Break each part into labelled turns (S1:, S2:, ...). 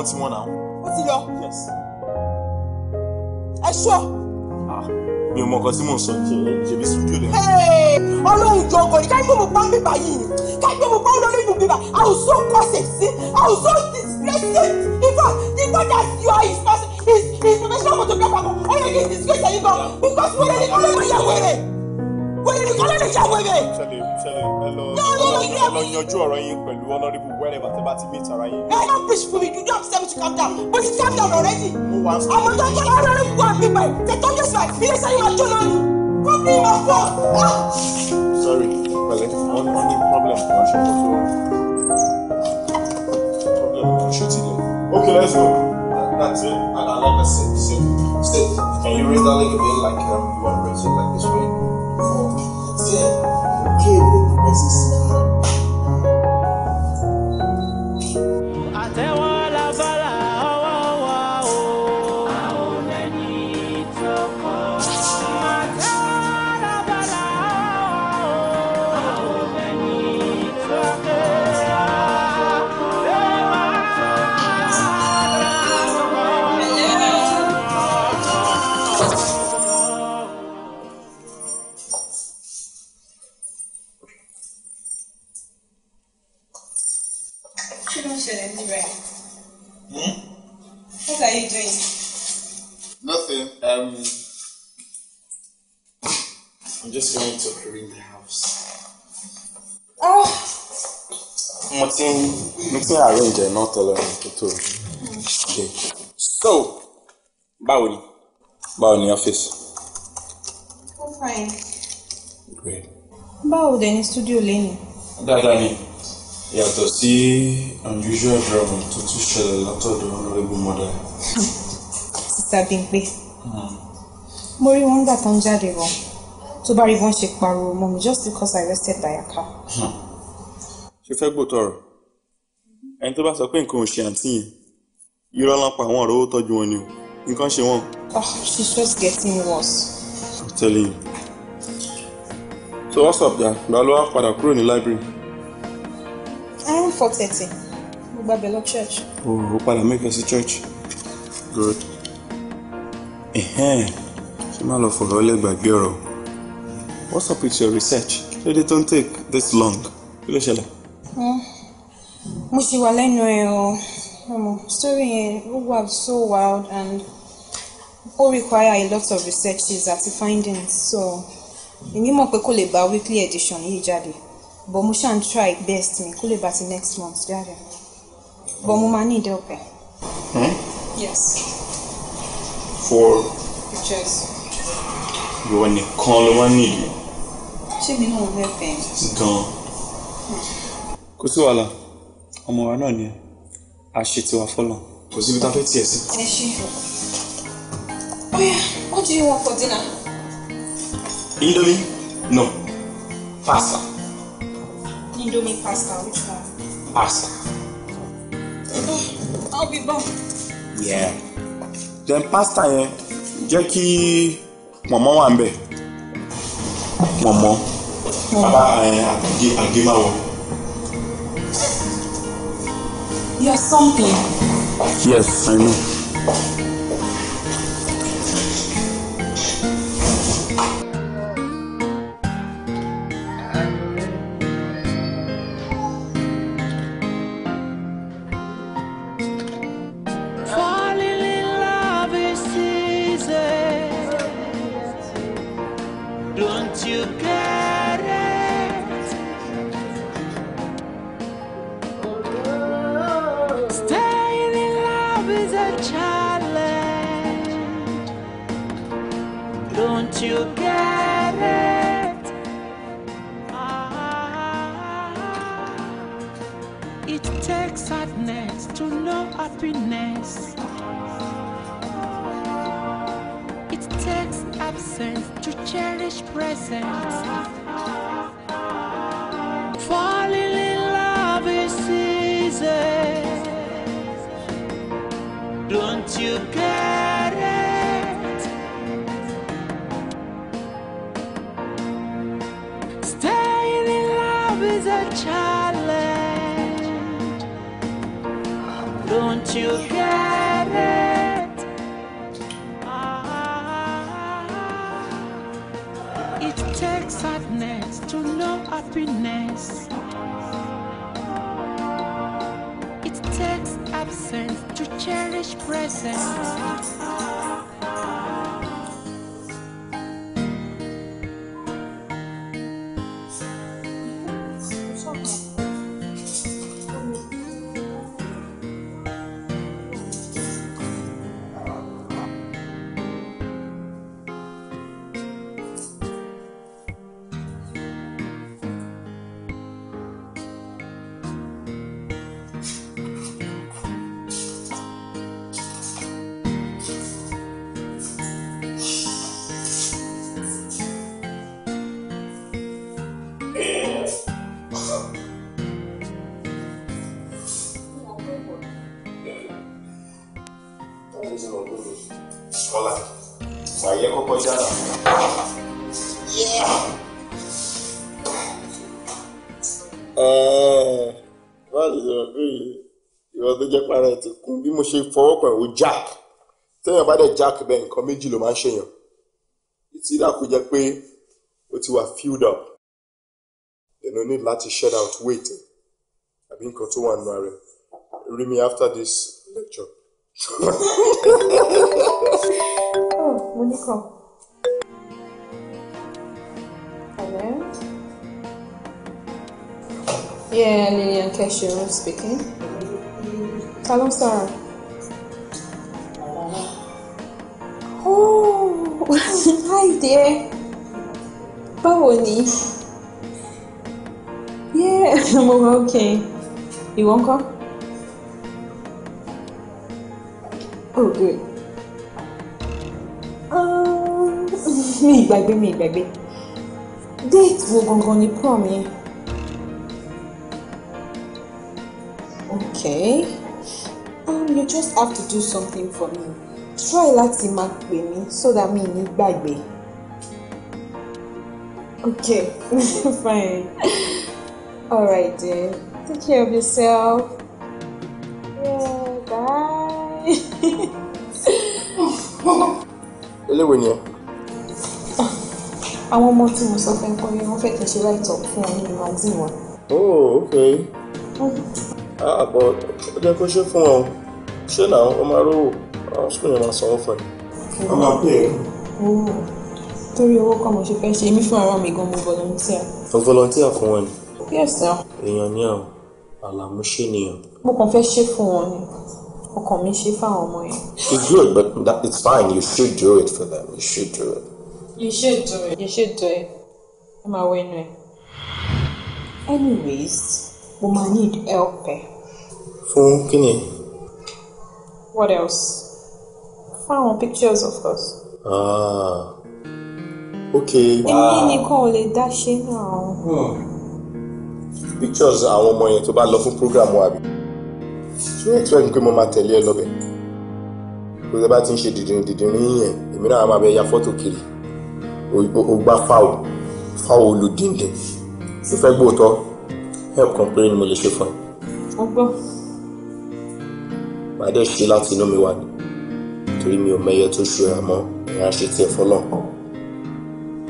S1: lọ́wọ́ tí wọ́n náà.
S2: ó ti yọ. ẹ ṣọ́. Ah,
S1: mi ò mọ nǹkan tí mò ń sọ jẹ jẹbi studio lẹ.
S2: ọlọ́run jọ ọkọ̀ ní ká gbé mu pa bíbá yìí ká gbé mu pa lórí ìlú bíbá i will so cause it see i will so disgrace it in fact the fact that you are his person his his professional photographer ọlọ́run kì í disgrace ẹ̀yin gan because wẹ́rẹ́ ni ọlọ́run yẹ wẹ́rẹ́ ní kọ́lá ní ṣe wèrè. tẹ́lẹ̀ tẹ́lẹ̀ ẹ lọ
S1: ẹ lọ yanjú ọ̀rọ̀ yín pẹ̀lú honourable wherever tẹ́ bá ti meet ara yín.
S2: ẹ lọ peacefully you don't have time to calm down but you calm down already. àwọn tó ń tọ́lá honourable wà nígbà yìí they don just like ilé sẹ́yìn máa jóná ni. kó bí wọn fọ.
S1: sorry pẹ̀lẹ́ wọn wọn ní problem kan ṣe kó tó problem kan ṣe tilẹ̀. okay let's go that, that's it and i like i said so stay can you raise that leg a bit
S2: like um, you wan raise it like this way. Dieu, Dieu veut que tu
S1: arrange ẹ̀ náà tẹ́lẹ̀ mi tó dé. so báwo ni báwo ni ọ́fíìsì. ó fine. great.
S2: báwo dẹ̀ ni studio lẹ́nu.
S1: dáadáa ni yàtọ̀ sí unusual drama tó tún ṣẹlẹ̀ látọ̀dọ̀ honourable mother.
S2: sísá Bímpé hmm. mo rí wọn gbà tán jáde wọn tó bá rí wọn ṣe pariwo mọ́ mi just because I rested by a car.
S1: Hmm. ṣe fẹ́ gbòtọ̀ ọ̀rọ̀ ẹni tó bá sọ pé nǹkan ò ṣe àǹtí yẹn irọ́ ló pa àwọn ọ̀rọ̀ owó tọ́jú wọn ni o nǹkan ṣe wọn.
S2: oh she's just getting worse.
S1: i'm telling you. so what's up there gbalo wa padà kúrò ní library.
S2: I'm four thirty mo gba bẹ̀lọ church.
S1: o oh, ò padà mẹ́kẹ́ sí church good. ṣé máa lọ fọ̀rọ̀ ọlẹ́gbàgbé ọ̀rọ̀ what's up with your research kí ló dé tó ń take this long kí ló ṣẹlẹ̀.
S2: Mm mo sì wà lẹ́nu ẹ̀ o story yẹn wà so wild and ó require a lot of researches àti findings so èmi mọ̀ pé kò lè bá weekly edition yìí jáde but mo ṣàn try best mi kó lè bá ti next month jáde but mo máa ní ìdẹ́ ọ̀pẹ. yes. for. pictures.
S1: ìwọ nìkan ló wá nílùú.
S3: ṣé mi náà ń fẹ́ fẹ́.
S1: gan-an. Hmm. kò sí wàhálà ọmọ wa náà ni a ṣe tiwa fọlọ. kò síbi tá a fẹ́ tiẹ̀ sí.
S2: ẹ ṣe oya what do you want for dinner.
S1: indomie no pasta.
S2: indomie pasta which one. pasta. Oh, I'll be back.
S1: yeah. then pasta yẹn jẹ́ kí mọ̀mọ́ wà ń bẹ̀ mọ̀mọ́ bàbá àgbémáwọ̀.
S2: You're something.
S1: Yes, I know. kọjá rà. báyìí ṣe rọ pé ìwọ tó jẹ́ para ẹ̀ ti kún bí mo ṣe fọwọ́ pẹ̀ o jack téèyàn bá dẹ̀ jack bẹ́ẹ̀ nǹkan méjì ló máa ń ṣèyàn ìtì dàkú jẹ́ filled up then o need láti shed out waiting. I've been tó wà nù ara rẹ̀ after this lecture.
S2: oh, Monica. Yeah, Lillian Keshiru speaking. Hello, ló Oh, hi
S3: there. Báwo ni? Yeah, I'm okay. You won't come? Oh, good. Um,
S2: mi baby, mi baby, date. wo gangan ni prom okay um, you just have to do something for me try láti máa pè mí so that me ní gbàgbé.
S3: okay fine All right, then take care of yourself. Yeah, bye. eléwo ni ẹ. àwọn ọmọ tí mo sọ fẹ́ ń kọ́ ni wọ́n fẹ́ kí n ṣe write up fún ọ nínú magazine wọn.
S1: oh okay. Mm-hmm àbọ̀ ah, ó jẹ́ kó ṣe fún ọ ṣé náà ó máa rówó àwọn sùkúl yẹn máa sanwó fún ẹ.
S2: wọ́n máa pè é. Oh, torí owó kan mo ṣe fẹ́ ṣe mí fún ara mi gan mo volunteer.
S1: o volunteer fún wọn ni. yes sir. èèyàn ní àwọn àlàmú ṣe nìyàn.
S2: mo kàn fẹ́ ṣe fún wọn ni ọkàn mi
S3: ṣe fáwọn ọmọ yẹn.
S1: it's good but that, it's fine you should do it for them you should do it.
S3: you should do it you should do it ẹ máa wọ inú ẹ.
S2: anyways. We might need
S3: help ẹ.
S1: fún kíni.
S2: what else. fún àwọn pictures of course.
S1: ah Okay. ok. èmi ah. nìkan
S2: ò lè dá ṣe náà.
S1: Hmm. pictures àwọn ọmọ yẹn tó bá lọ fún program wa bi ṣé o expect pé mo máa tẹ̀lé ẹ lọ́bẹ̀ kó lè bá ti ń ṣe dìdìrín dìdìrín yẹn èmi náà máa bẹ ya fọ́tò kiri o gbá fáwọ̀ fáwọ̀ olùdíndín o fẹ́ gbóòótọ́ help kan péré ni mo lè ṣe fún ẹ. ọgbọ́n. màá dẹ̀ ṣe láti inú mi wá ni torí mi ò mẹyẹ tó ṣe ra mọ́ ìyá ṣe tiẹ̀ fọlọ́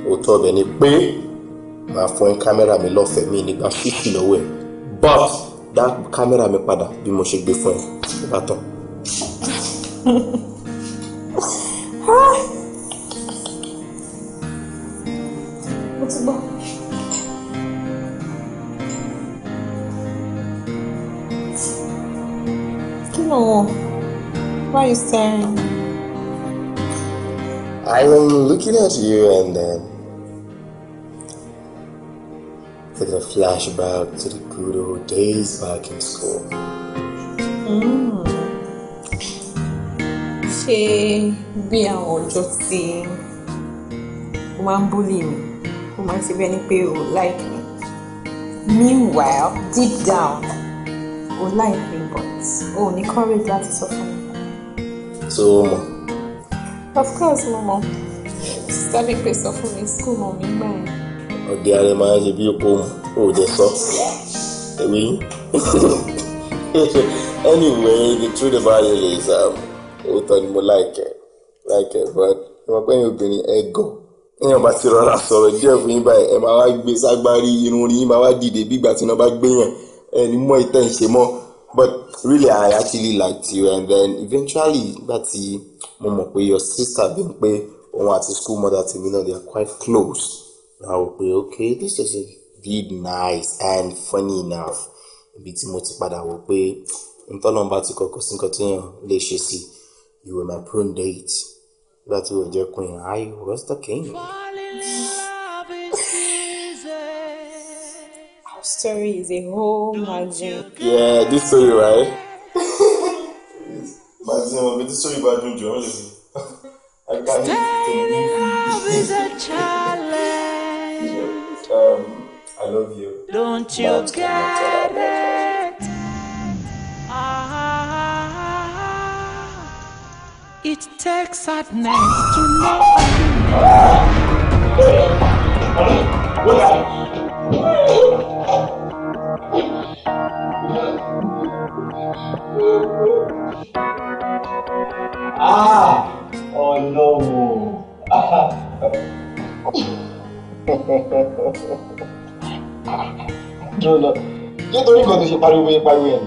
S1: òótọ́ ọbẹ̀ ni pé màá fún ẹ kámẹ́rà mi lọ́fẹ̀ẹ́ mi nígbà ṣíṣì lọ́wọ́ ẹ̀ but dá kámẹ́rà mi padà bí mo ṣe gbé fún ẹ ìbátan.
S2: are you staring?
S3: I am looking at you
S1: and uh, then taking a flashback to the good old days back in school.
S3: Hmm. ṣe bí àwọn ọjọ́ tí o máa ń búlì mi o máa ń ṣe like me meanwhile deep down o like me but oh, ní that is sọ funny.
S1: so mọ.
S2: of course mo mọ sítábì pé sọ fún mi skul mọ mi gbà yẹn.
S1: ọ̀gẹ̀ ààrẹ máa ń ṣe bí opó ò jẹ́ sọ èmi anyway the truth about it is um, òótọ́ ni mo láìkẹ́ láìkẹ́ but ẹ mọ̀ pé ẹ̀yin obìnrin ẹ gàn èèyàn bá ti rọra sọ̀rọ̀ díẹ̀ fún yín báyìí ẹ máa wá gbé ságbárí irun orí yín máa wá dìde bí ìgbà tí iná bá gbé yàn ẹ ní mọ́ ìtẹ̀ ń ṣe mọ́ but really i actually liked you and then eventually nígbà tí mo mọ̀ pé your sister bí n pé òun àti school mother tèmi náà they are quite close na o pé okay this is a bit nice and funny enough ibi tí mo ti padà wò pé ntọ́lọ́mba ti kọ̀kọ́ sí nǹkan tí èèyàn lè ṣe sí you were my prone date nígbà tí o jẹ́ queen i was the king.
S2: story is a whole magazine.
S1: Yeah, this story, right? magazine, but this story about Jojo, honestly. I
S2: can't a challenge. Um, I love you. Don't you Mom, uh, get it? Ah, it takes sadness to know. Ah. Ah,
S1: ọlọ́run. Dúró lọ. Nítorí nǹkan tó ṣe pariwo bóyá pariwo ẹ̀.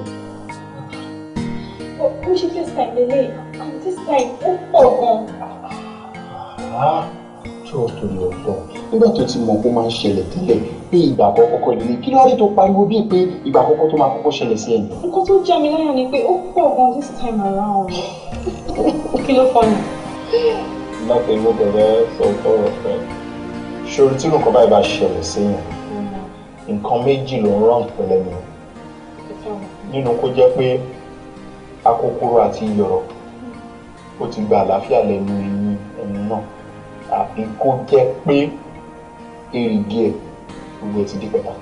S2: Ó ṣe first time lélẹ̀ and this time ó pọ̀ gan-an.
S1: Ah, ah sọ̀rọ̀ tó lọ sọ nígbà tó ti mọ̀ kó máa ń ṣẹlẹ̀ tẹ́lẹ̀ bí ìgbà àkọ́kọ́ lè kí ló dé tó pariwo bíi pé ìgbà àkọ́kọ́ tó máa kọ́kọ́ ṣẹlẹ̀ sí ẹni.
S3: nǹkan tó já mi láyà ni pé ó pọ̀ gan this time around kí ló fọ́ ni.
S1: láti inú bẹ̀rẹ̀ sọ ọ̀rọ̀ fẹ́. ṣòro tí nǹkan báyìí bá ṣẹlẹ̀ séèyàn nǹkan méjì ló ń rán pẹ̀lẹ́ mi nínú kó jẹ́ pé akókóró àti iyọ̀rọ̀ ó ti gba àlàáfíà lẹ́nu ẹni náà àbí kó jẹ́ pé èrìgì ẹ̀ gbogbo ẹ̀ ti di pẹ̀tà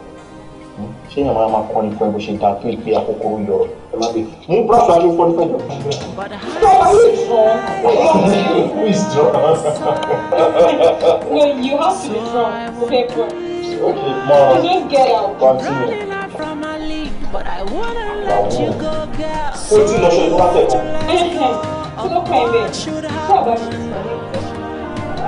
S1: hmm? ṣé èèyàn máa máa kọrin fún ẹ bó ṣe dáa tó ìpè àkókò yọrọ ẹ má bẹ mú búrọ́ọ̀sì alẹ́ fọ́n fẹ́jọ.
S2: No, you have to be strong. Stay put. Okay, mom. Just get out. Continue. you go, girl. Ó ti lọ ṣe ìwádìí. Ẹ ẹ́ tí bẹ́ẹ̀. Tí ṣe ìsọ̀rọ̀.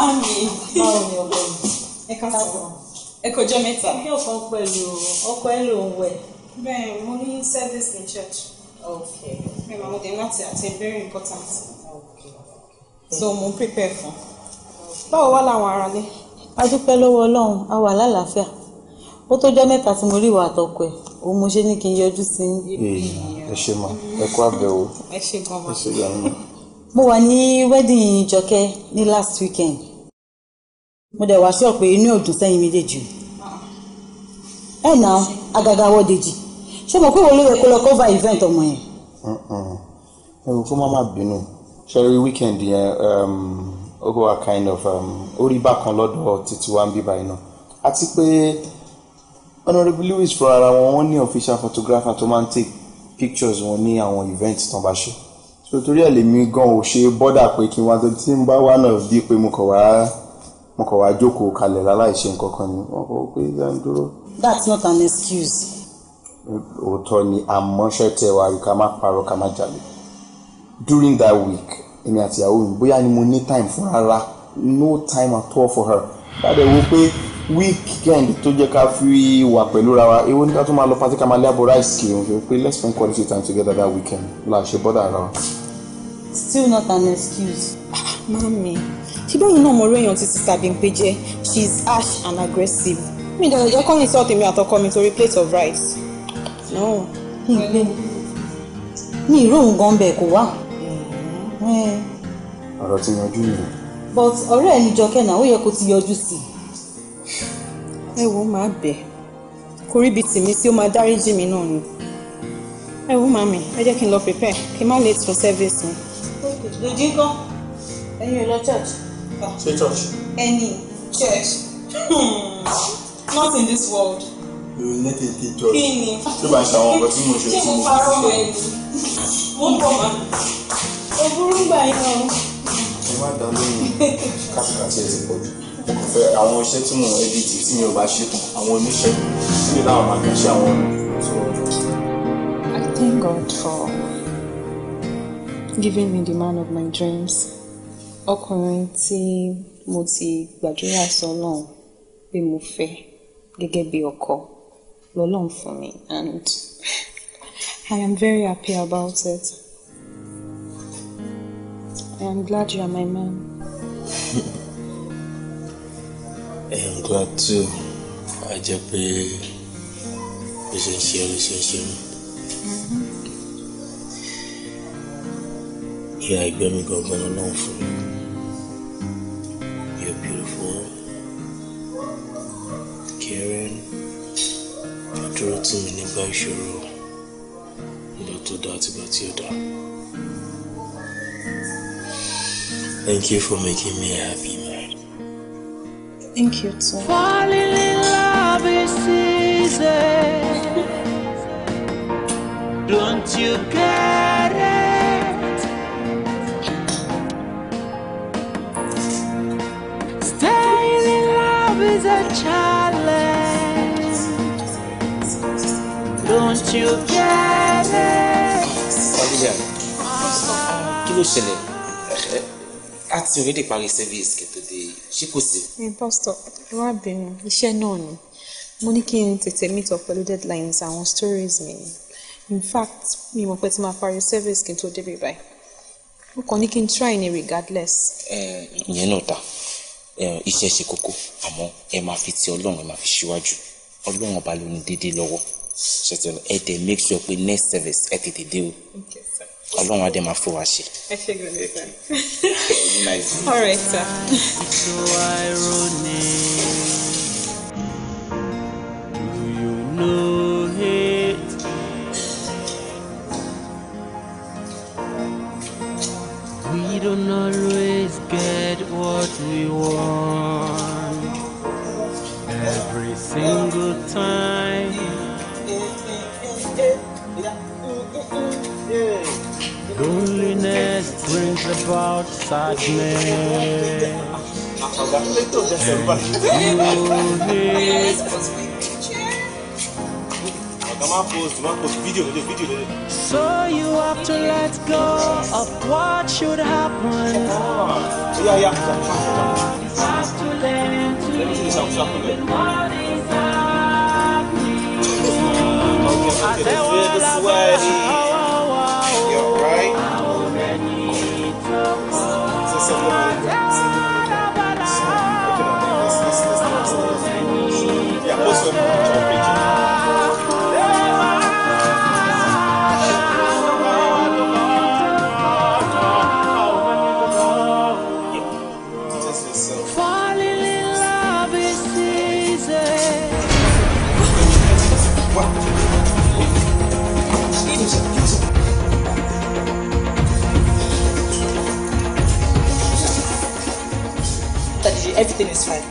S3: Mami. Báwo ni ọkọ mi? Ẹ ká sọ̀rọ̀. Ẹ kọjọ́ mẹ́ta. Kí ọkàn pẹ̀lú ọkọ ẹ ló ń wẹ̀.
S2: Bẹ́ẹ̀ mo ní service ní church.
S3: Okay. Mi màmú dé láti àti very important. Okay. So mo ń prepare fún. Báwo wá làwọn aráalé? A dúpẹ́ lọ́wọ́ Ọlọ́run, a wà lálàáfíà. Ó tọ́jọ́ mẹ́ta tí mo rí ìwà àtọkọ ẹ̀, òun mo ṣe ní kí n yọjú sí i.
S2: Ẹ ṣe mọ, ẹ kú àbẹ̀wò.
S3: Ẹ ṣe gan-an. Ẹ ṣe gan-an. Mo wà ní wedding Jọkẹ́ ní last weekend mo dẹ̀ wá sí ọ̀pẹ inú òdùn sẹ́yìn méjèèjì o ẹ̀ náà agaga wọ́dẹ̀jì ṣé mo pé wo ló yẹ kó lọ cover event ọmọ yẹn.
S1: ẹ wò kó má bínú ṣẹ́rí weekend yẹn um, ó wà kind of um, ó rí bákan lọ́dọ̀ títí wá ń bíbá iná àti pé honourable Lewis fúnra ara wọn wọn ní official photographer tó máa ń take pictures wọn ní àwọn event tán bá ṣe so torí ẹ̀ lèmi gan ò ṣe bọ́dà pé kí n wá tó tí n bá wà náà bíi pé mo kàn wá wọn kọ̀ wá jókòó kalẹ̀ láláìṣe nǹkan kan ni wọn kọ̀ pé ẹ ń dúró.
S3: that's not an excuse.
S1: òótọ́ ni àmọ́ṣẹ́ tẹ wa rí ká má parọ́ ká má jalè during that week èmi àti ìyàwó mi bóyá ni mo ní time fún rárá no time at all for her dáadé wo pé weekend tó jẹ́ ká fi wà pẹ̀lú ra wa èwo ní ká tún máa lọ pàtí ká máa lé àbọ̀ rice kì í wọn fi pé let's spend quality time together that weekend la ṣe bọ́dà ara wa.
S3: still not an excuse. mami ṣé báyìí náà mo rí èèyàn tí sísá Bímpé jẹ́ she is harsh and aggressive
S2: mi ìdàgbà jẹ́ kọ́yìn sí ọ̀tẹ̀mí àtọkọ mi torí plate of rice. no
S3: mi gbé mi ìró òun gan bẹ́ẹ̀ kò wá. Mm-hmm. Eh.
S1: ọ̀rọ̀ ti yanjú
S2: nìyẹn.
S3: but ọ̀rẹ́ ẹ̀ ní jọkẹ́ náà ó yẹ kó ti yọjú sí i. ẹ wo màá bẹ̀ kó rí ibi tèmi tí ó máa dáríjì mi náà ni. ẹ wo màmí ẹ jẹ́ kí n lọ prepare kí n má late for service mi. dòjì ń kọ́ ẹ̀yin ò lọ church ṣé church. any church hmm. not in this world.
S1: ìròyìn tètè tè jọ
S3: kí ni tó bá ṣe àwọn ọkọ̀ tí mo ṣe tí mo fi
S2: ṣe. mo bọ̀ ma o burú gbà yín o.
S1: ẹ má dá lóyún kátìkátì ẹ ti pọ̀ jù ọ̀fẹ́ àwọn iṣẹ́ tí mo edit tí mi ò bá ṣe tán
S2: àwọn oníṣẹ́ tí I thank God for giving me the man of my dreams
S3: ọkùnrin tí mo ti gbàdúrà sọ́lọ́run pé mo fẹ́ gẹ́gẹ́ bí ọkọ lọ́lọ́run fún mi and I am very happy about it. I am glad you are my man.
S1: I am glad too. A jẹ́ pé ó ṣe ń ṣe ọ́ ló ṣe ń ṣe mí. Mm-hmm. Ìyá ẹgbẹ́ mi gangan lọ́lọ́run fún mi. dúró tì mí nígbà ìṣòro ìgbà
S2: tó dáa àti ìgbà tí ó dáa.
S1: Thank you for making me happy, man.
S2: Thank you too. Falling in love is easy. Don't you get it? Staying in love is a challenge. Don't you get it? Olivia, kí ló ṣẹlẹ̀? Eh, a
S1: ti already parí service kí tó dé, ṣé kò sí?
S2: Ẹ pásítọ̀, ẹ wá bínú, iṣẹ́ náà ni. Mo ní kí n tètè meet up pẹ̀lú deadlines àwọn stories mi. In fact, mi mọ̀ pé tí máa parí service kí n tó débi báyìí. Mo kàn ní kí n try ni regardless. Eh, ìyẹn náà ta, eh, iṣẹ́ ṣe kókó, àmọ́ ẹ máa fi ti Ọlọ́run ẹ máa fi ṣíwájú. Ọlọ́run ọba ló ní déédéé lọ́wọ́ ṣe ti ẹ dẹ̀ make sure pé next service ẹ tètè dé o ọlọ́run adé máa fún wa ṣe.
S3: ẹ ṣe gbọ́dọ̀ sá. all right sir.
S2: we don't always get what we want every single time. Loneliness brings about sadness. And
S1: you
S2: so you have to let go of what should happen. Yeah, yeah. Have to learn to live what is happening. I say, well,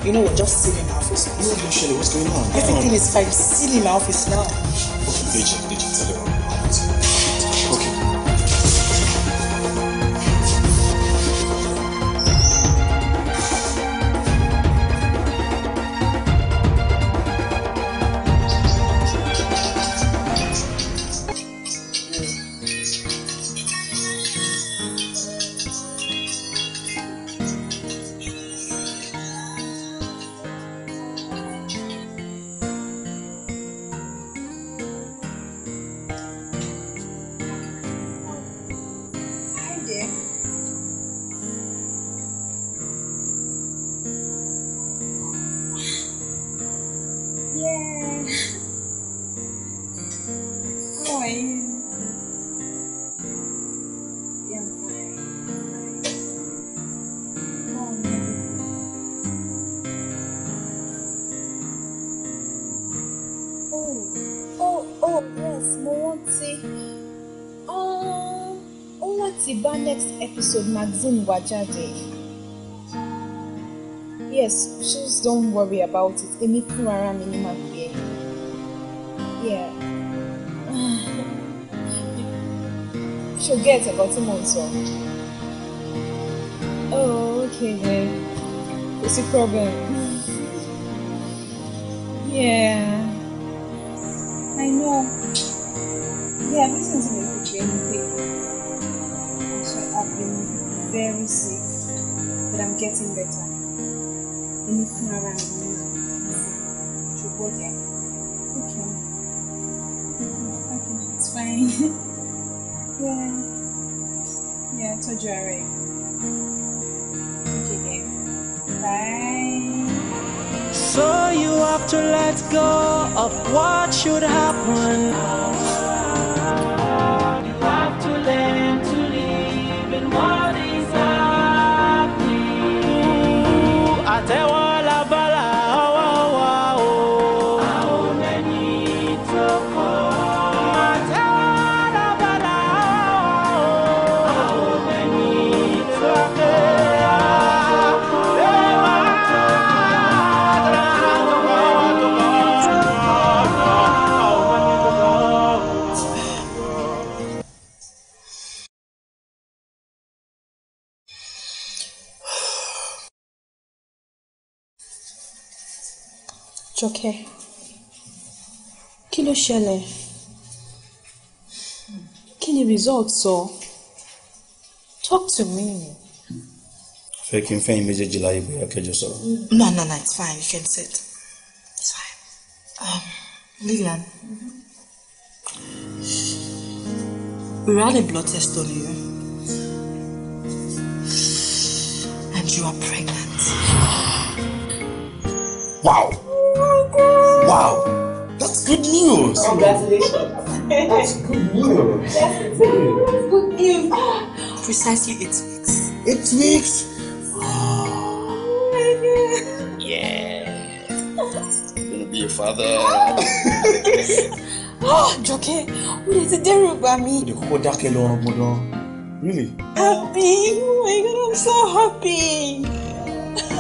S2: You know what? Just sit in my office. No, Shirley, what's going on? Everything um, is fine. Sit in my office now.
S1: Okay, Virgin.
S2: Yes, please don't worry about it. Emi Kurara Minima Yeah. She'll get about a month or Oh, okay then. What's the problem? yeah. I know. Yeah, this is a good very sick, but I'm getting better. Anything around me is to go there. Okay. Okay, it's fine. yeah. Yeah, I told you already. Okay then. Bye. So you have to let go of what should happen. ṣẹlẹ̀ kí ni result sọ talk to me.
S1: fẹ́ kí n fẹ́yìn méjèèjì láyé bóyá kẹjọ sọ̀rọ̀.
S2: no no no it's fine you can sit it's fine.
S3: Um, Lillian,
S2: We ran a blood test on you. And you are pregnant. Wow! Wow! That's good news. Congratulations. That's good news. That's Good news. Precisely eight weeks. Eight weeks? Oh. Yeah.
S1: Gonna be a father.
S2: Ah, Jọkẹ́, o is it? dẹ́rù bà me. The whole
S1: kọ́kọ́ dákẹ́ lọ Really?
S2: Happy! Oh my God, I'm so happy!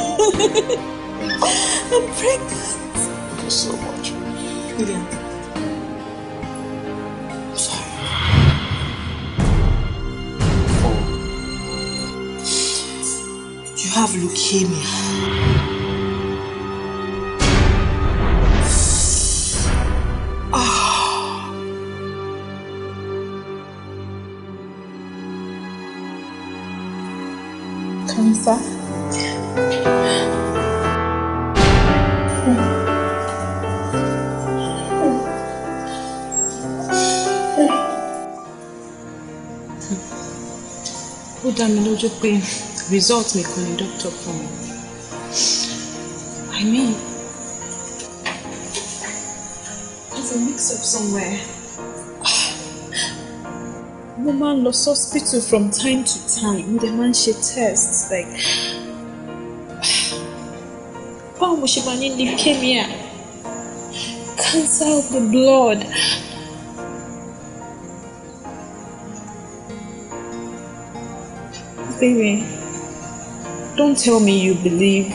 S2: I'm pregnant. Thank you so much. William. You have leukemia. Ah. Cancer? dá mi lójú pé result mi kò ní doctor fún mi i mean there's a mix up somewhere mo máa ń lọ hospital from time to time mo dẹ̀ máa ń ṣe test like báwo mo ṣe máa ní leukemia cancer of the blood. Baby, don't tell me you believe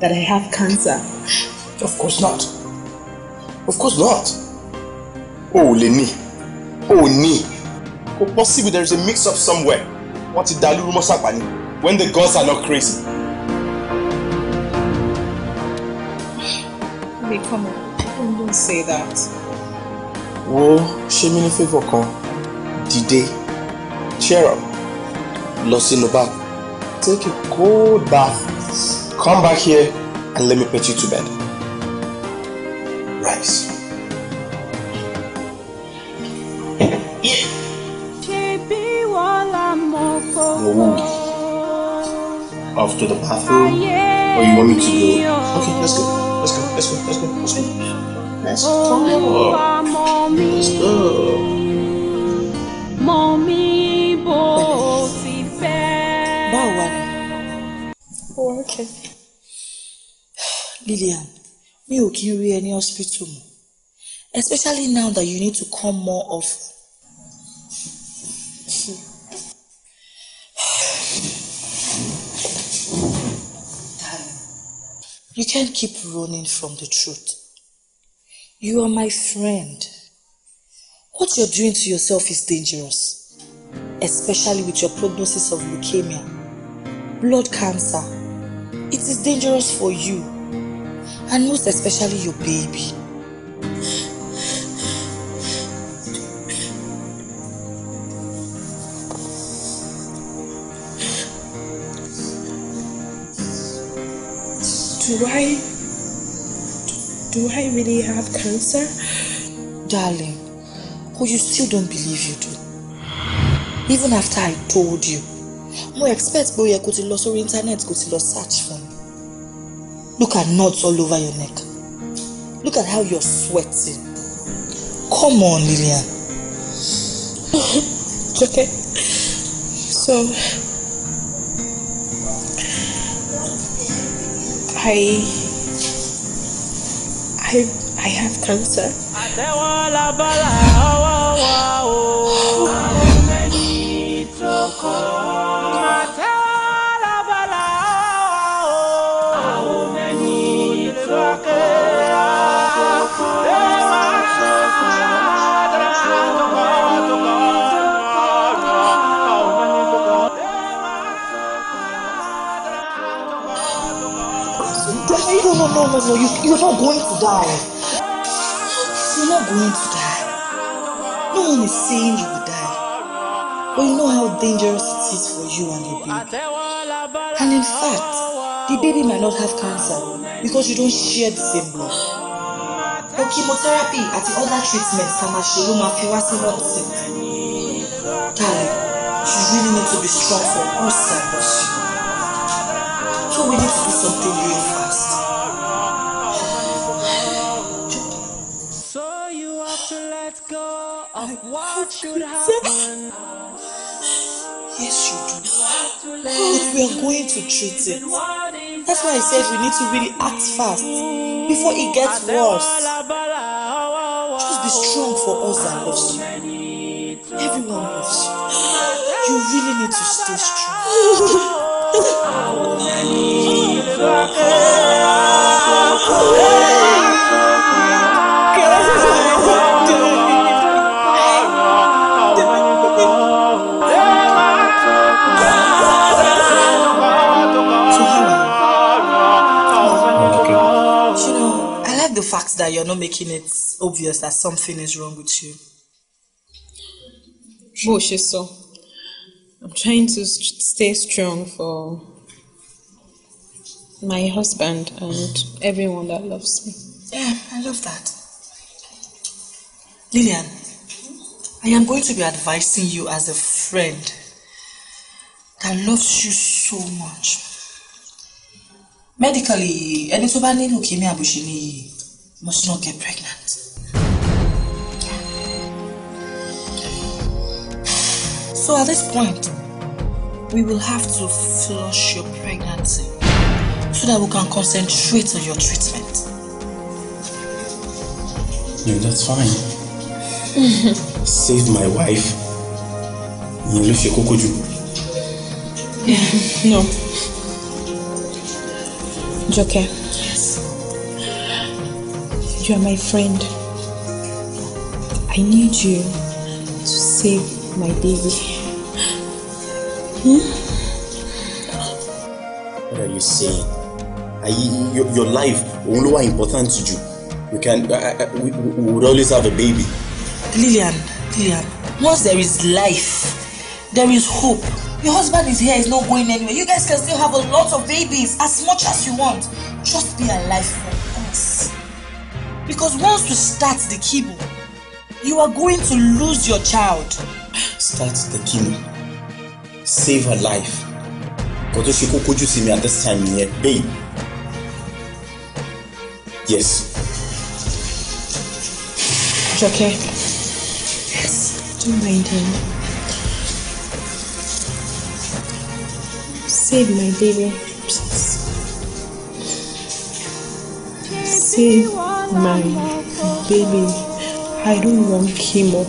S2: that I have cancer. Of course not.
S1: Of course not. Oh, Lenny. Oh, ni. Oh, possibly there is a mix up somewhere. What is Dalu Rumosapani? When the gods are not crazy.
S3: Hey,
S2: come on. Don't, say that.
S1: Well, ṣe mí ní favour kan. Today. Cheer up lọ sínú bath take a cold bath come back here and let me put you to bed
S2: rise. Move off to the bathroom, where oh, you want me to go? Okay, let's go. Let's go. Let's go. Let's go. Let's go. Let's go. Let's go. Let's go. Mommy. Fúnkẹ́ Lillian mi ò kí ń rí ẹ hospital especially now that you need to come more often. You can't keep running from the truth. You are my friend. What you're doing to yourself is dangerous, especially with your prognosis of leukemia, blood cancer, it is dangerous for you. And most especially your baby. Do I do I really have cancer? Darling, oh you still don't believe you do. Even after I told you mo expect pé ó kó ti lọ sórí internet kó ti lọ search for me. look at knots all over your neck look at how you're sweating come on Lillian okay so I I I have cancer. no, no, you, you're not going to die. You're not going to die. No one is saying you will die. But you know how dangerous it is for you and your baby. And in fact, the baby might not have cancer because you don't share the same blood. But chemotherapy and the other treatments can actually make you worse than Darling, you really need to be strong for us and us. So we need to do something real fast. What should happen? Yes, you do. But oh, we are going to treat it. That's why I said we need to really act fast before it gets worse. Just be strong for us that loves you. Everyone loves you. You really need to stay strong. that you're not making it obvious that something is wrong with you. Sure. so I'm trying to stay strong for my husband and everyone that loves me. Yeah, I love that. Lillian, I am going to be advising you as a friend that loves you so much. Medically, ẹni tó ní leukemia must not get pregnant. So at this point, we will have to flush your pregnancy so that we can concentrate on your treatment.
S1: No, that's fine. Save my wife. You lose your kokoju.
S2: Yeah, no. Joker. you are my friend. I need you to save my baby. Hmm?
S1: What are you saying? Are you, your, your life, Oluwa, important to you. We can, uh, we, we would always have a baby.
S2: Lillian, Lillian, once there is life, there is hope. Your husband is here, he's not going anywhere. You guys can still have a lot of babies as much as you want. Just be alive because once you start the kibo, you are going to lose your child.
S1: Start the kibo. Save her life. Koto Shiko, could you see me at this time here? Babe. Yes.
S2: It's okay. Yes. Don't mind him. Save my baby. Please. save my baby. I don't want chemo.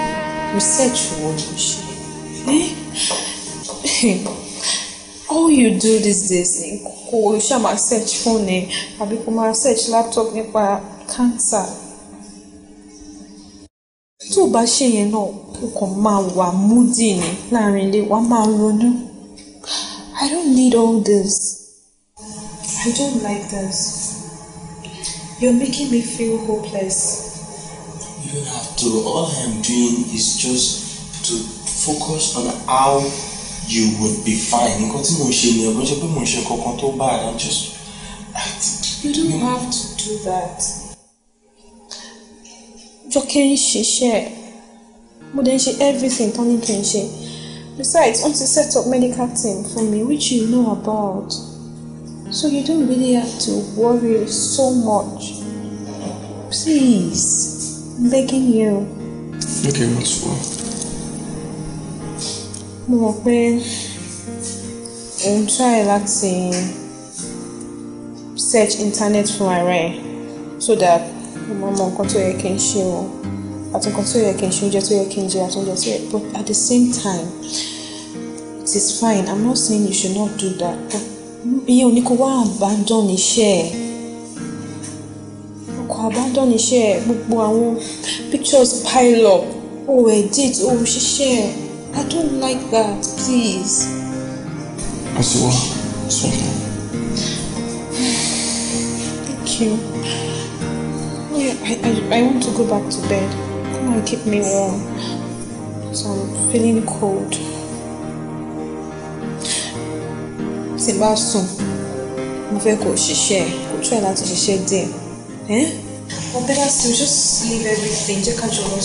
S2: research wo ni o ṣe all you do these days ni kò ṣáà máa search phone ni àbí kò máa search laptop nípa cancer tó o bá ṣe yẹn náà o kàn máa wà múdì ní láàrin ilé wàá máa ronú I don't need all this I don't like this you're making me feel hopeless.
S1: you don't have to. All I am doing is just to focus on how you would be fine. Nǹkan tí mo ṣe ni ẹ̀gbọ́n ṣe pé bad. I'm just.
S2: You don't have to do that. Jọ́kẹ́ ń ṣiṣẹ́ mo dẹ̀ ń ṣe everything tán ní kí n sise mo she everything tan ni ki n se Besides, want to set up medical team for me which you know about. So you don't really have to worry so much. Please. I'm begging you.
S1: Okay, what's wrong?
S2: Mo rò pé òun try láti search internet for my ẹ̀ so that mo máa mọ nǹkan tó yẹ kí n ṣe o àti nǹkan tó yẹ kí n ṣe oúnjẹ tó yẹ kí n jẹ àti oúnjẹ tó yẹ but at the same time it is fine I'm not saying you should not do that but ìyẹn ò ní kó wá abandon iṣẹ́ ẹ̀ abandon iṣẹ́ ẹ̀ gbogbo àwọn pictures pile up oh, edit o oh, ṣiṣẹ́ ẹ̀ I don't like that please. Àṣìwọ́ sọ̀rọ̀. Thank you. Oh, yeah, I, I, I want to go back to bed. Come on, keep me warm. So I'm feeling cold. Simba soon. bá sùn, mo fẹ́ kó ṣiṣẹ́ kó try láti Operação, Studios leave everything to control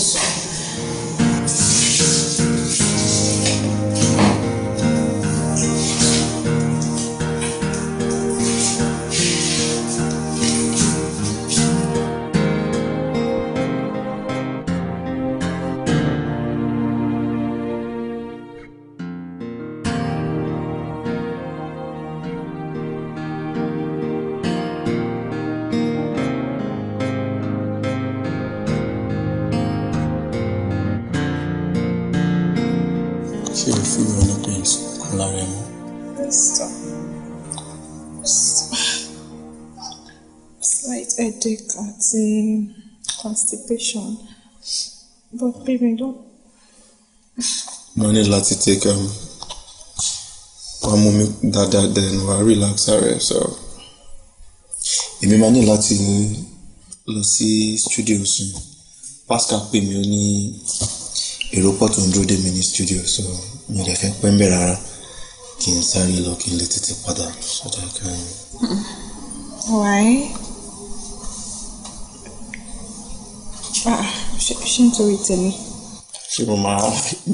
S2: occupation. But babe, I don't.
S1: Mo ní láti take um, a moment that that then wàá relax ara so. Èmi máa ní láti lọ sí see studios. Pascal pè me only ní èrò pọ̀ the mini dúró studio so mi ò lè fẹ́ pẹ́ ń bẹ̀ rárá kí n sáré lọ kí so that I can.
S3: Why?
S2: Ah, ṣé nítorí tèmi.
S1: ṣé mo máa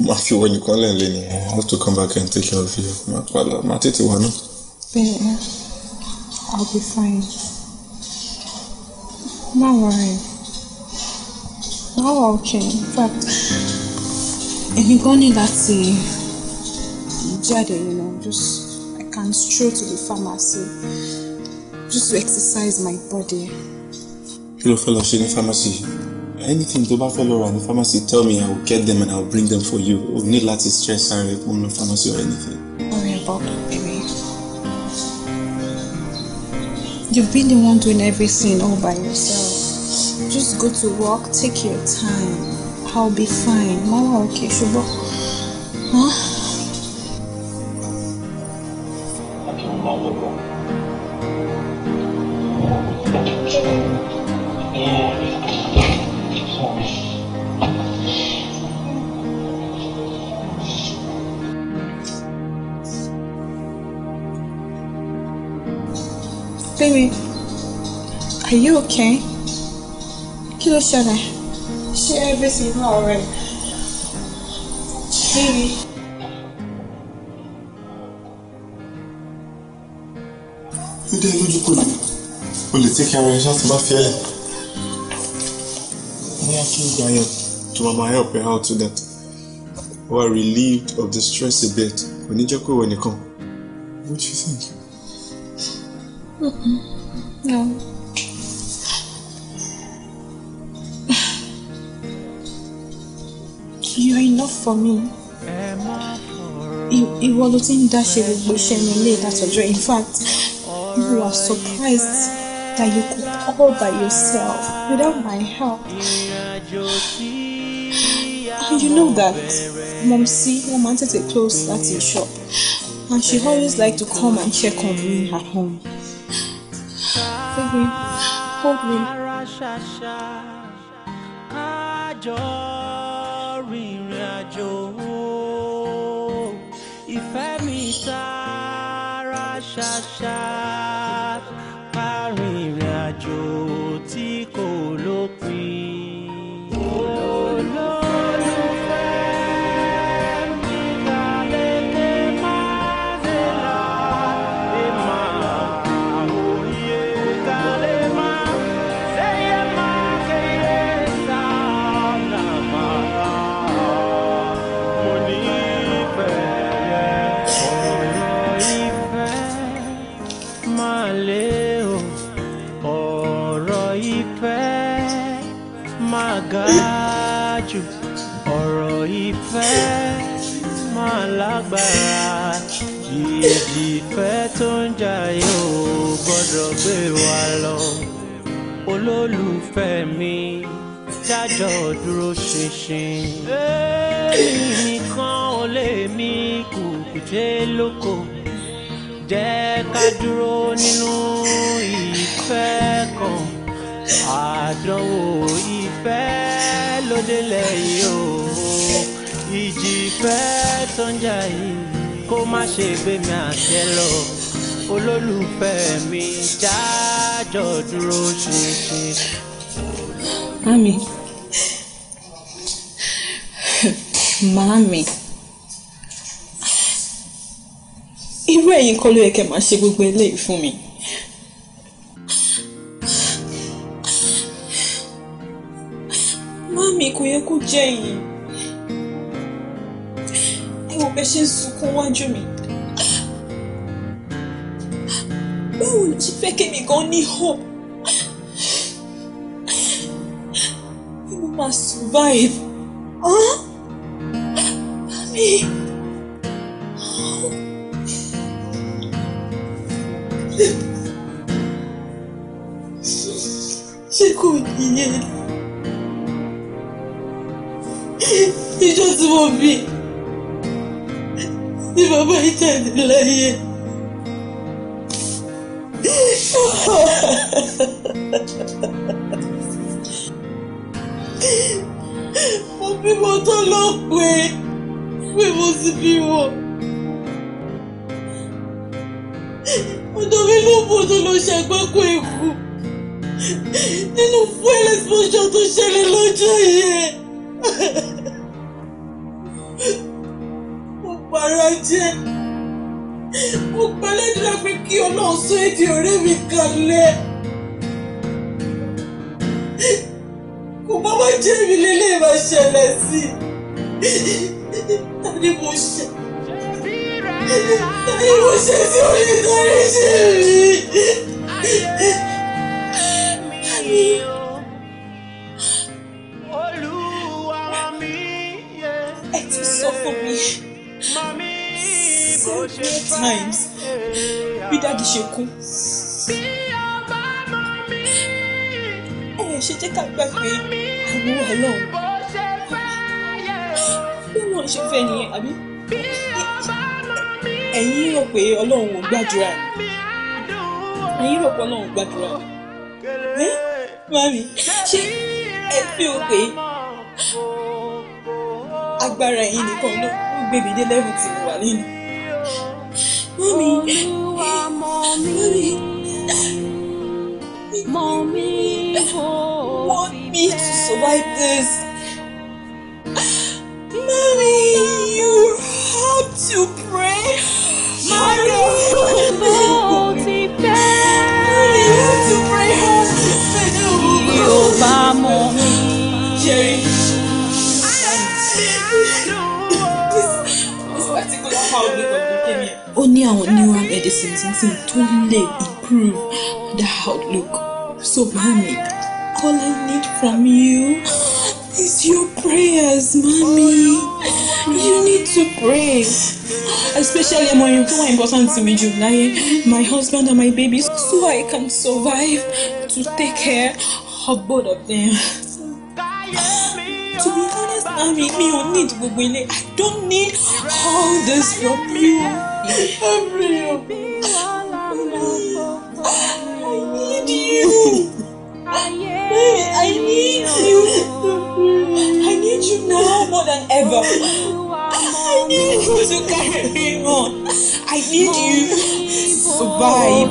S1: máa fi wọ nìkan lẹ́ẹ̀lẹ́ Lenny, I have to come back and take care of you My, padà máa tètè wá náà.
S2: I'll be fine. No worry No, okay in fact if you're going ní láti jáde you know just I can stroll to the pharmacy just to exercise my body.
S1: kí ló fẹ́ lọ ṣe the pharmacy anything tó bá fẹ́ lọ rà ní pharmacy tell me i will get them and i will bring them for you o need láti stress ara rẹ ní pharmacy or anything.
S3: worry
S2: about me baby
S3: You been the one doing
S2: everything all by yourself just go to work take your time i'll be fine mama okay ṣùgbọ́n. Huh? you okay? Kí ló ṣẹlẹ̀?
S3: Ṣé everything wà alright? Baby.
S1: Ó dé lójú kò lè. O lè take care of yourself tó bá fi ẹ̀lẹ̀. Ní akíngba yẹn, to mama help her out so that we are relieved of the stress a bit. Kò ní jẹ́ pé ìwọ nìkan. What do you think?
S2: Mm-mm. No. má fọ mí o ìwọ ló ti ń dá ṣe gbogbo iṣẹ́ mi ilé ìdátọ́jọ́ in fact you are surprised that you could all by yourself without my help and you know that mom see wọn máa ń tètè close láti shop
S3: and she always like to come and check on me at home
S2: baby hold me. lágbára ìyèdì ìfẹ́ tó ń jayé ò gbọ́dọ̀ gbé wa lọ olólùfẹ́ mi jájọ dúró ṣinṣin èmi nìkan ò lè mí kùkùté lóko jẹ́ ká dúró nínú ìfẹ́ kan àdánwò ìfẹ́ lódélẹ̀ yìí o ìjì ìfẹ́ tó ń jà yìí kó má ṣe gbé mi àṣẹ lọ olólùfẹ́ mi jájọ dúró ṣinṣin.
S3: mami mami
S2: irú ẹ̀yin kọ́ ló yẹ kẹ́ máa ṣe gbogbo eléyìí fún mi. mami kò yẹ kó jẹ́ yìí wo bẹ ṣe ń sunkún wájú mi báwo hope bí mo survive huh? mami. ṣé kò níye ìjọ tí mo bí. ويتاد الله mi ò pé agbára ẹ̀yin nìkan ló ń gbé mi dé lẹ́rù tí mo wà nínú. mọ́mí mọ́mí mọ́mí want me to survive this. Mommy, you have to pray. Mommy, I want neural medicines and totally improve the outlook. So, mommy, all I need from you is your prayers, mommy. You need to pray. Especially among you, too important to me, July, my husband and my babies, so I can survive to take care of both of them. mi mi ò need gbogbo ilé I don't need all this from you every year I need you I need you I need you now more than ever I need you to carry me on I need you to survive.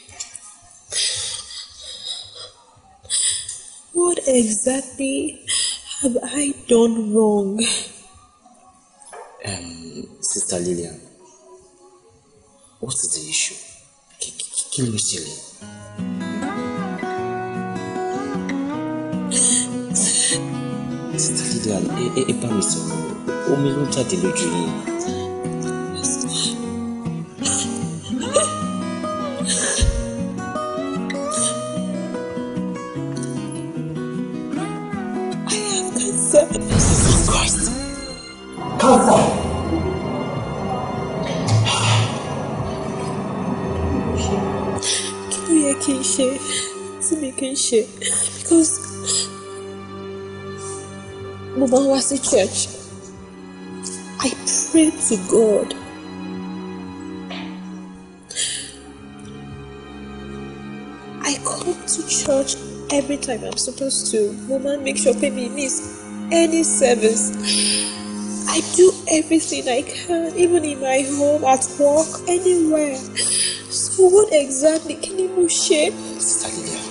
S2: What exactly have I done wrong? Um, Sister Lillian, what is the issue? Kill me, silly. Sister Lillian, ẹ bá mi sọ̀rọ̀, omi ló jáde lójú yìí. because Mama was ń church I pray to God I come to church every time I'm supposed to Mama makes make sure pé misses miss any service. I do everything I can, even in my home, at work, anywhere. So what exactly can you share? Hallelujah.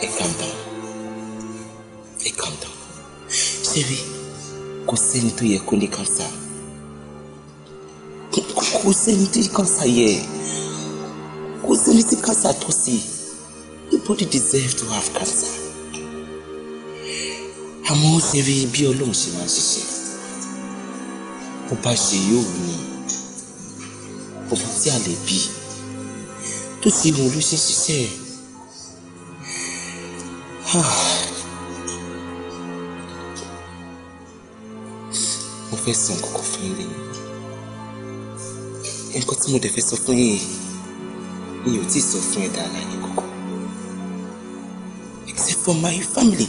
S2: ẹ calm down ẹ calm down ṣebí kò sẹ́ni tó yẹ kó ní kánsà kò sẹ́ni tó yẹ kánsà yẹ kò sẹ́ni tí kánsà tọ́ sí nobody deserve to have cancer àmọ́ ṣebí bí ọlọ́run ṣe máa ń ṣiṣẹ́ bó bá ṣe yóò ní ọmọ tí a lè bí tó ṣe mú ló ṣe ṣiṣẹ́ ẹ̀. mo fẹ́ sọ nǹkan kan fún yín lẹ́yìn nǹkan tí mo dẹ̀ fẹ́ sọ fún yín yìí mi ò tí ì sọ fún ẹ̀dá aláìní kankan except for my family.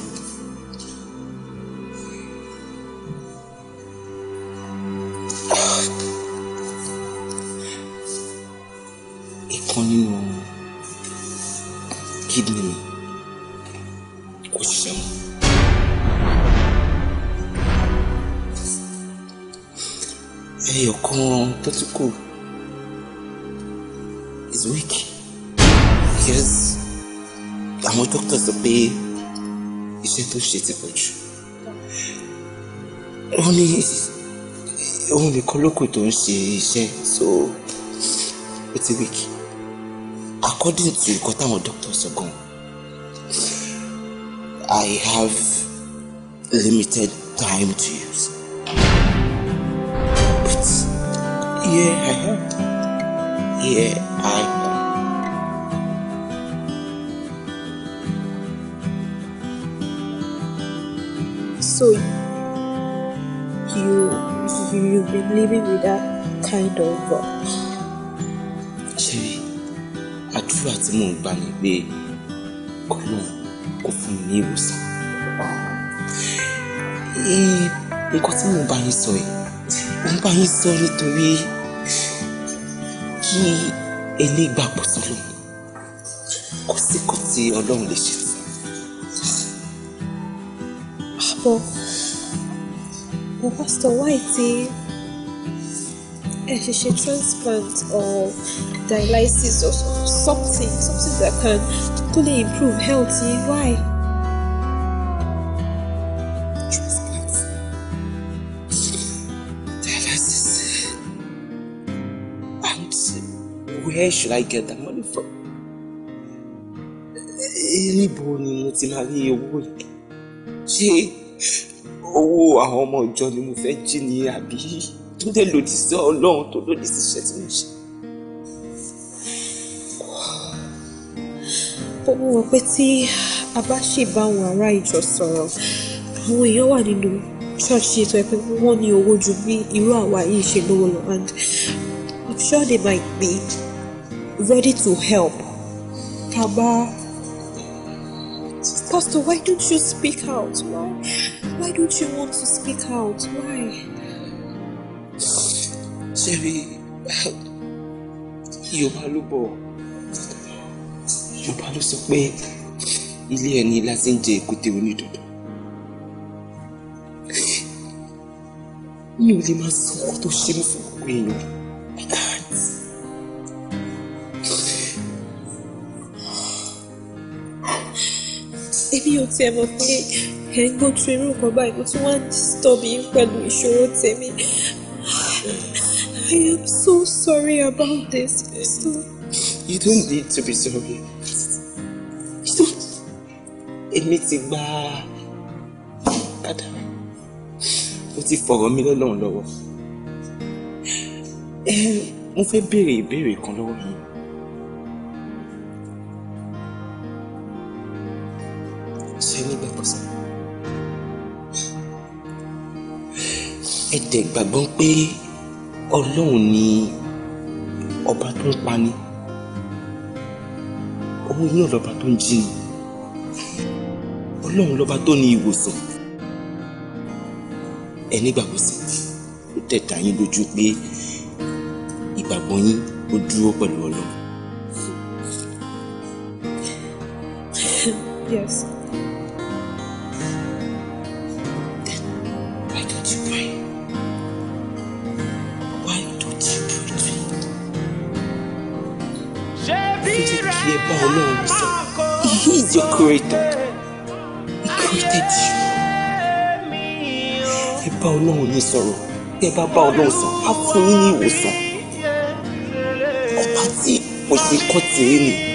S2: sọ pé iṣẹ́ tó ṣe ti pọ̀ jù wọ́n ní òun nìkan lókùn tó ń ṣe iṣẹ́ so ó ti weak according to nǹkan táwọn doctor sọ gan
S1: I have limited time to use
S2: but yeah I have yeah I. So you you you've been living with that kind of God. Uh, Ṣé àdúrà tí mò ń gbà ni pé kọ́nà kò fún mi ní ìwòsàn? Nǹkan tí mò ń bá yín sọ yìí, mò ń bá yín sọ nítorí kí elégbàgbọ́sọ́ lòun kò sí kò tí Ọlọ́run lè ṣe pọ̀ mo Pastor White ẹ ṣe ṣe transplant or dialysis or something something that can totally improve health yìí why. where should I get the money from? Anybody ni mo ti máa rí owó
S1: àwọn ọmọ ìjọ ni mo fẹ́ jí ni àbí
S2: tó dé lòdì sí ọlọ́run tó lòdì sí iṣẹ́ tí mo ṣe. ó mú wọn pé tí a bá ṣì bá àwọn ará ìjọ sọ̀rọ̀ àwọn èèyàn wà nínú ṣọ́ọ̀ṣì ètò ẹ̀ pé wọ́n ní owó ju bí irú àwa yìí ṣe lówó lọ and I'm sure they might be ready to help tá a bá Pastor, why don't you speak out? Why? Why don't you want to speak out? Why?
S1: Jerry, Yorùbá ló bọ̀. Yorùbá ló sọ pé ilé ẹni láti ń jẹ èkúté
S2: onídòdò. Mi ò lè máa sọ ọkọ tó ṣe mí fún ọkọ èèyàn. o tiẹ̀ mọ̀ pé ẹ̀ ń gbójú irú nǹkan báyìí mo tún wá ń disturb yín pẹ̀lú ìṣòro tèmi. I am so sorry about this. So... You don't need to be sorry. You don't Èmi ti gba
S1: kádàrá. Mo ti fọ̀rọ̀ mi lọ́lọ́run lọ́wọ́.
S2: Mo fẹ́ béèrè ìbéèrè kan lọ́wọ́ yín. tẹ̀ gbàgbọ́ pé ọlọ́run ni ọba tó ń pani òun náà lọ́ba tó ń jí ni ọlọ́run
S1: lọ́ba tó ní ìwòsàn ẹ nígbàgbọ́ sí ó tẹ̀ta yín lójú pé ìgbàgbọ́ yín ó dúró pẹ̀lú ọlọ́run.
S2: Yes. bá ọlọ́run sọ he is your creator he created you ẹ bá ọlọ́run ní sọ̀rọ̀ ẹ bá bá ọlọ́run sọ á fún yín ní ìwòsàn ọba tí kò sí
S1: kọ́tì yín nìyí.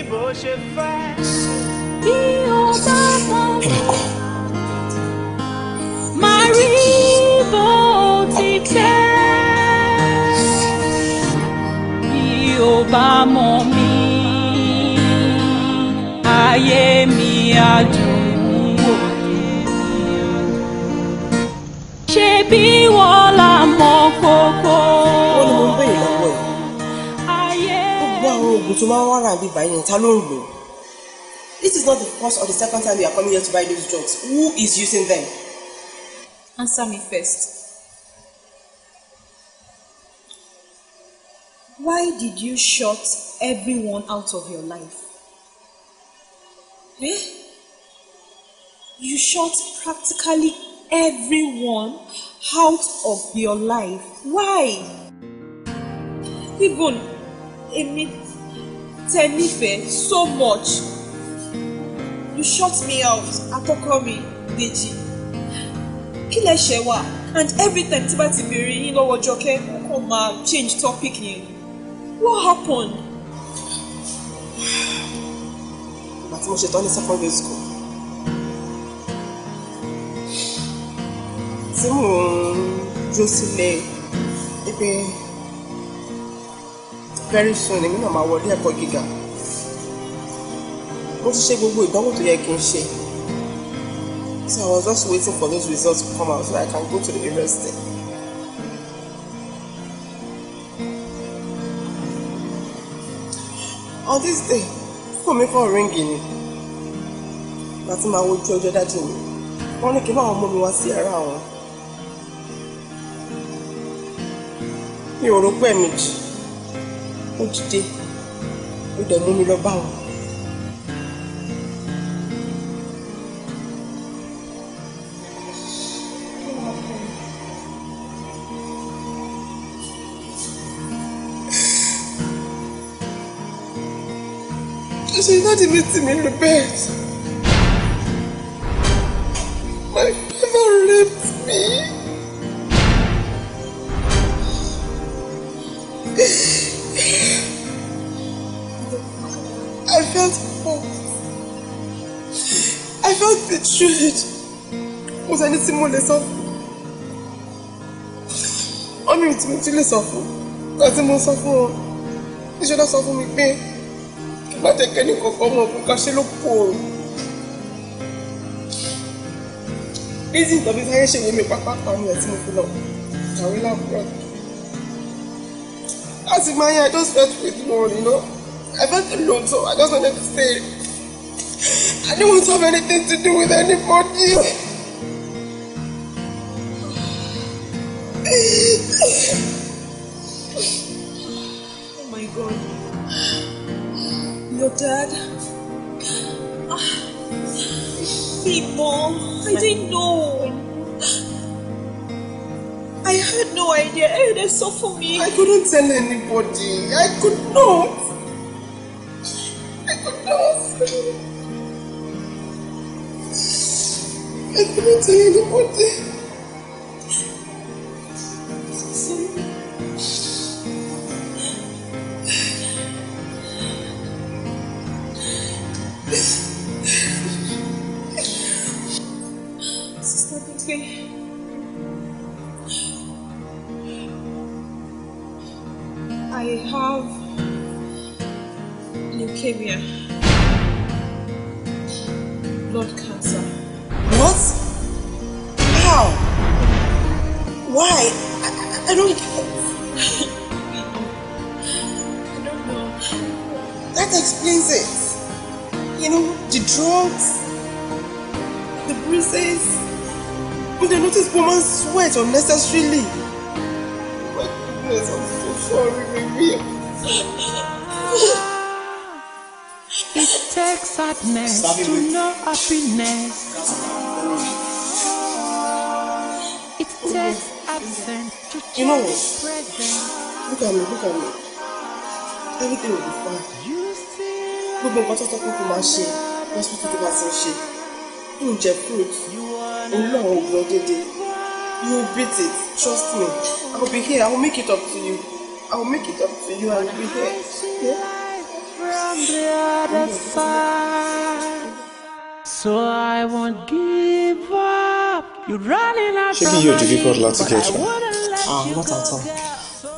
S2: tó máa ń wá
S3: ràn bí ta ló ń lò this is
S2: not the first or the second time you are coming here to buy those drugs who is using them. answer me first. why did you shut everyone out of your life? Eh? You shut practically everyone out of your life. Why? Even Amy tẹ́ nífẹ̀ẹ́ so much you shut me out àkọ́kọ́ mi Dèjì kí lẹ ṣe wà and every time tí bá ti bèrè yín lọ́wọ́ Jọkẹ́ ó kàn máa change topic yẹn what happened. ìgbà tí mo ṣetán ní secondary school tí mò ń jó sílẹ̀
S1: ẹgbẹ́ very soon èmi náà máa wọlé ẹ̀kọ́ gíga mo ti ṣe gbogbo ìdánwò tó yẹ kí n ṣe so I was just waiting for those results to come out so I can go to the university. on this day fún mi kàn ríngì ni láti máa wojú ọjọ́ dájú mi wọ́n ní kí n bá àwọn ọmọ mi wá sí yàrá àwọn mi ò rò pé méjì ó dìde ó dẹ̀
S2: mú mi lọ bá wọn. ṣe láti mi tì mí lu bẹ́ẹ̀dì. Juliet, mo sẹ́ni tí mo lè sọ fún. Wọ́n
S1: mi tí mo ti lè sọ fún. Ìgbà tí mo sọ fún wọn, níṣẹ́ lọ sọ fún mi pé kí má jẹ́ kẹ́ni kankan mọ̀ fún káṣẹ́ ló kú òòrùn. Bísí ìtọ́bí sáyé ṣèyí mi pápákọ̀ àmì ẹ̀ tí mo fi lọ kàwé láàbúrò. As if my I just felt with one, you know. I felt alone, so I just wanted to stay. I don't want to have anything to do with anybody.
S2: Oh my god. Your dad. people. Ah, I didn't know. I had no idea. It is so for me. I couldn't tell anybody. I could not. what the You know what? Look at me, look at me. Everything will be fine. Gbogbo nǹkan tó sọ pé kò máa ṣe hospital tó bá ti ń ṣe. Kí n jẹ fruit? Òun náà ò gbọ́ dédé. You beat it, trust me. I will be here, I will make it up to you. I will make it up to you, I be here. From the other side, so I won't give up ṣé bí yóò difficult láti get one. Ah, not at all.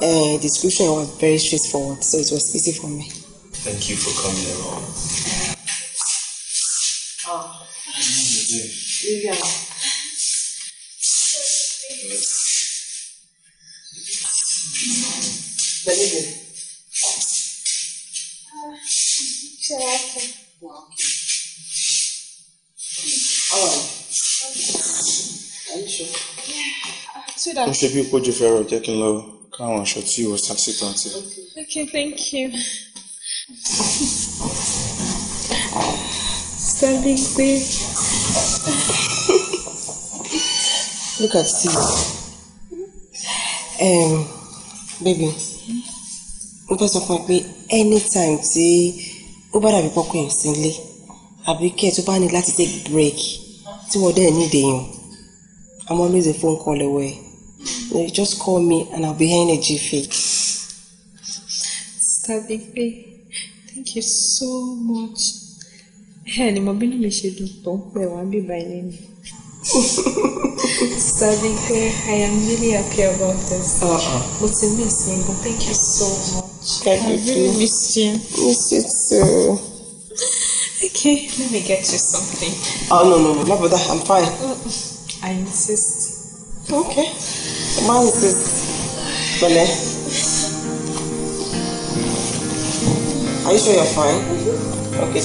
S2: Uh, the description was very straightforward, so it was easy for me.
S1: Thank you for coming along.
S2: Oh. Yeah. Believe it. Uh, sure, I can. so that. ó ṣe
S1: bí ìpọ́jú fẹ́ràn jẹ́ kí n lọ káwọn aṣọ tí o ta sí tán ti.
S2: okay thank you. Sandy gbé.
S3: look at this. Um, baby mo fẹ́ sọ fún ẹ pé anytime tí ó bá dàbí pọ́kùn ẹ̀ sílé àbí kí ẹ tó bá ní láti take break tí wọ́n dẹ̀
S2: ní ìdèyàn i'm always a phone call away. Now you just call me and I'll be here in a jiffy. Sister thank you so much. Ẹ ni mo bínú mi ṣe dùn tó pé wàá bí báyìí ni. Sister I am really happy about this. Uh-uh. Mo ti miss you, but thank you so much. Thank I you really too. miss you. Miss you too. Okay, let me get you something. Oh, no, no, no, no, I'm fine. Uh, I insist. Okay má wò pé
S3: pẹ̀lẹ́. Are you sure you're fine? Mm-hmm.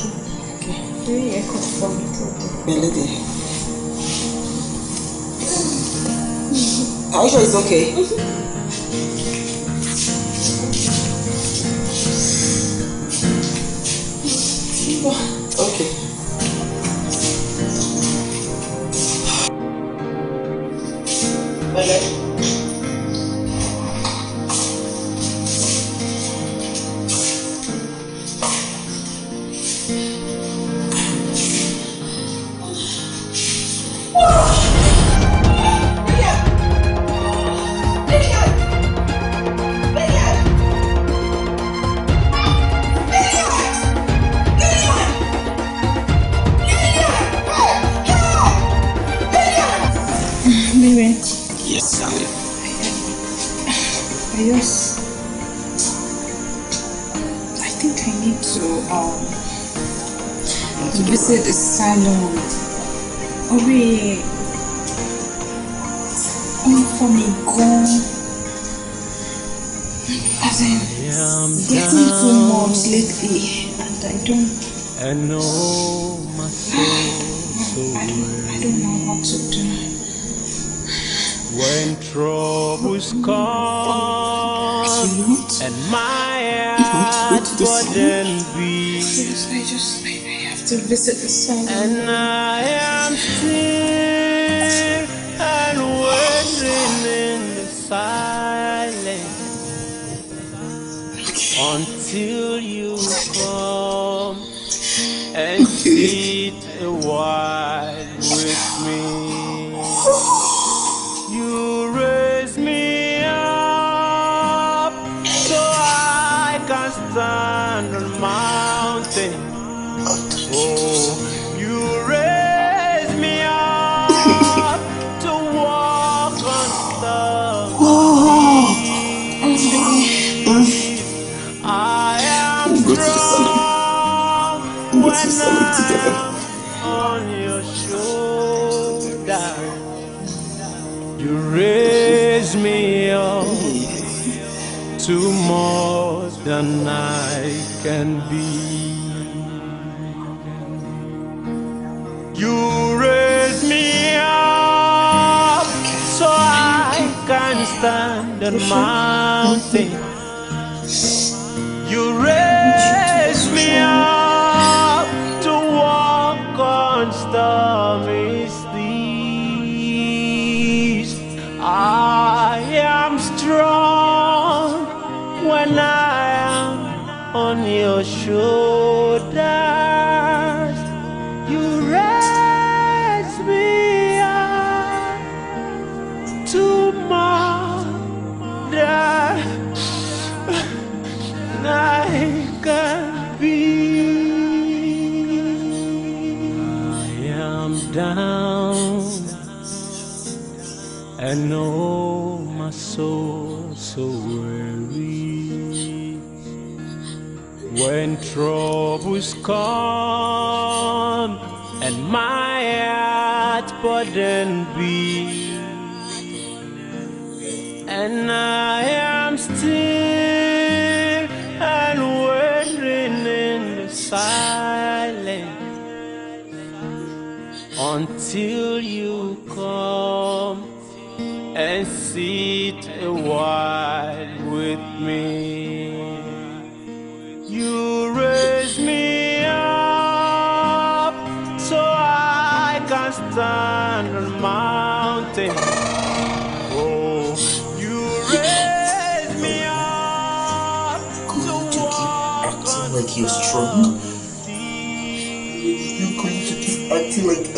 S3: Okay okay. Are you sure it's okay? Mm-hmm.
S2: people. Ok. Oui, As in, getting too much lately, and I don't. I know my soul I don't know what to do. When troubles come and my eyes wouldn't be. I just. I, to visit the sun. And I am still and waiting in the silence until you. than I can be. You raise me up so I can stand on mountains.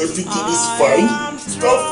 S2: everything is fine. Stop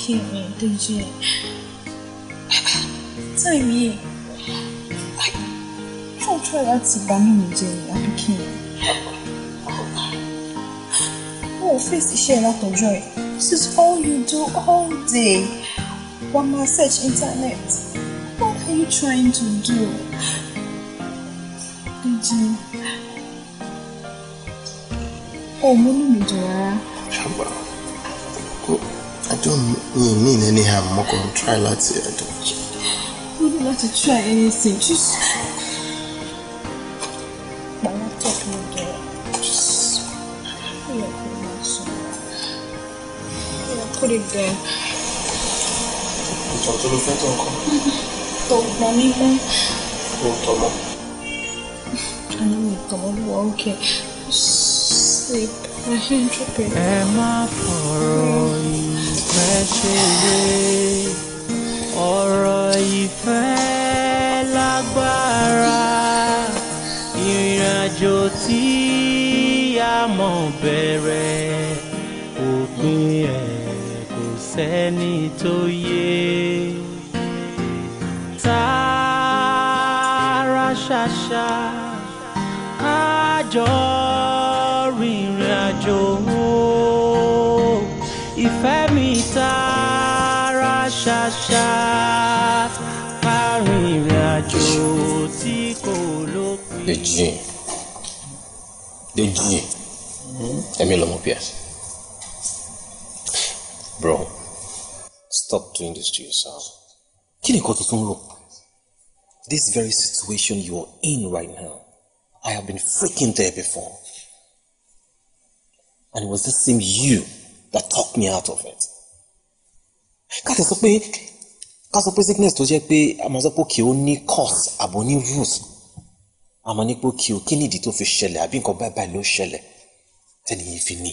S2: 骗人，对不对？在你付出了几万的女人，然后骗人，我 face 些那种 is all you do all day. What more search internet. What are you trying to do? Did
S1: don't mean any harm I'm mo kàn try láti ẹ̀dọ̀ jẹ́.
S2: Don't ní láti try anything just try. bàbá tọ́kì mi just ó yẹ kó máa sùn ó yẹ kó lè dẹ̀.
S1: ìtàn tó ló fẹ́ tó
S2: nǹkan. tó gbà mí mọ́. ó tọ́ mọ́. àná sleep. I hate tripping. for you? pẹ́ ṣeré ọ̀rọ̀ ìfẹ́ lágbára ìrìn àjò tí a mọ̀ bẹ̀rẹ̀ òpin ẹ̀ kò sẹ́ni tó yé tààrà ṣàṣà. egyie ɛmi lɔmɔ pias bro stop doing this to yourself kí ni kò tuntun rò this very situation you are in right now I have been freaking there before and it was the same you that talked me out of it ká tẹ̀ sọ pé ká sọ pé sickness tó jẹ́ pé àmọ́ sọ pé kì í ó ní cause àbò ní root àmọ́ nípò kí o kí nìdí tó fi ṣẹlẹ̀ àbí nǹkan báyìí báyìí ló ṣẹlẹ̀ tẹ́nìyẹn fi ní.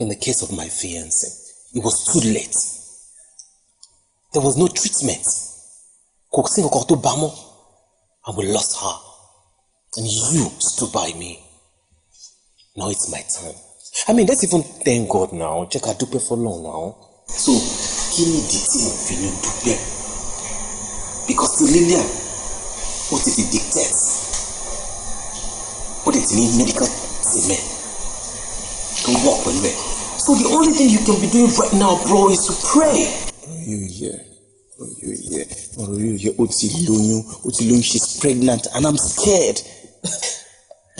S2: In the case of my fiance, it was too late. There was no treatment. Kò sí nǹkan tó bá mọ́. And we lost her. And you stood by me. Now it's my turn. I mean, let's even thank God now. Jẹ́ ká for long now. So, kí nìdí tí mo fi ní dúpẹ́? because ti Lillian ó ti fi dictate ó dẹ̀ ti ní medical team to tó ń wọ̀ so the only thing you can be doing right now bro is to pray.
S1: yóò yẹ yóò yẹ ọ̀rọ̀ yóò yẹ ó ti lóyún ó ti lóyún she's pregnant and i'm scared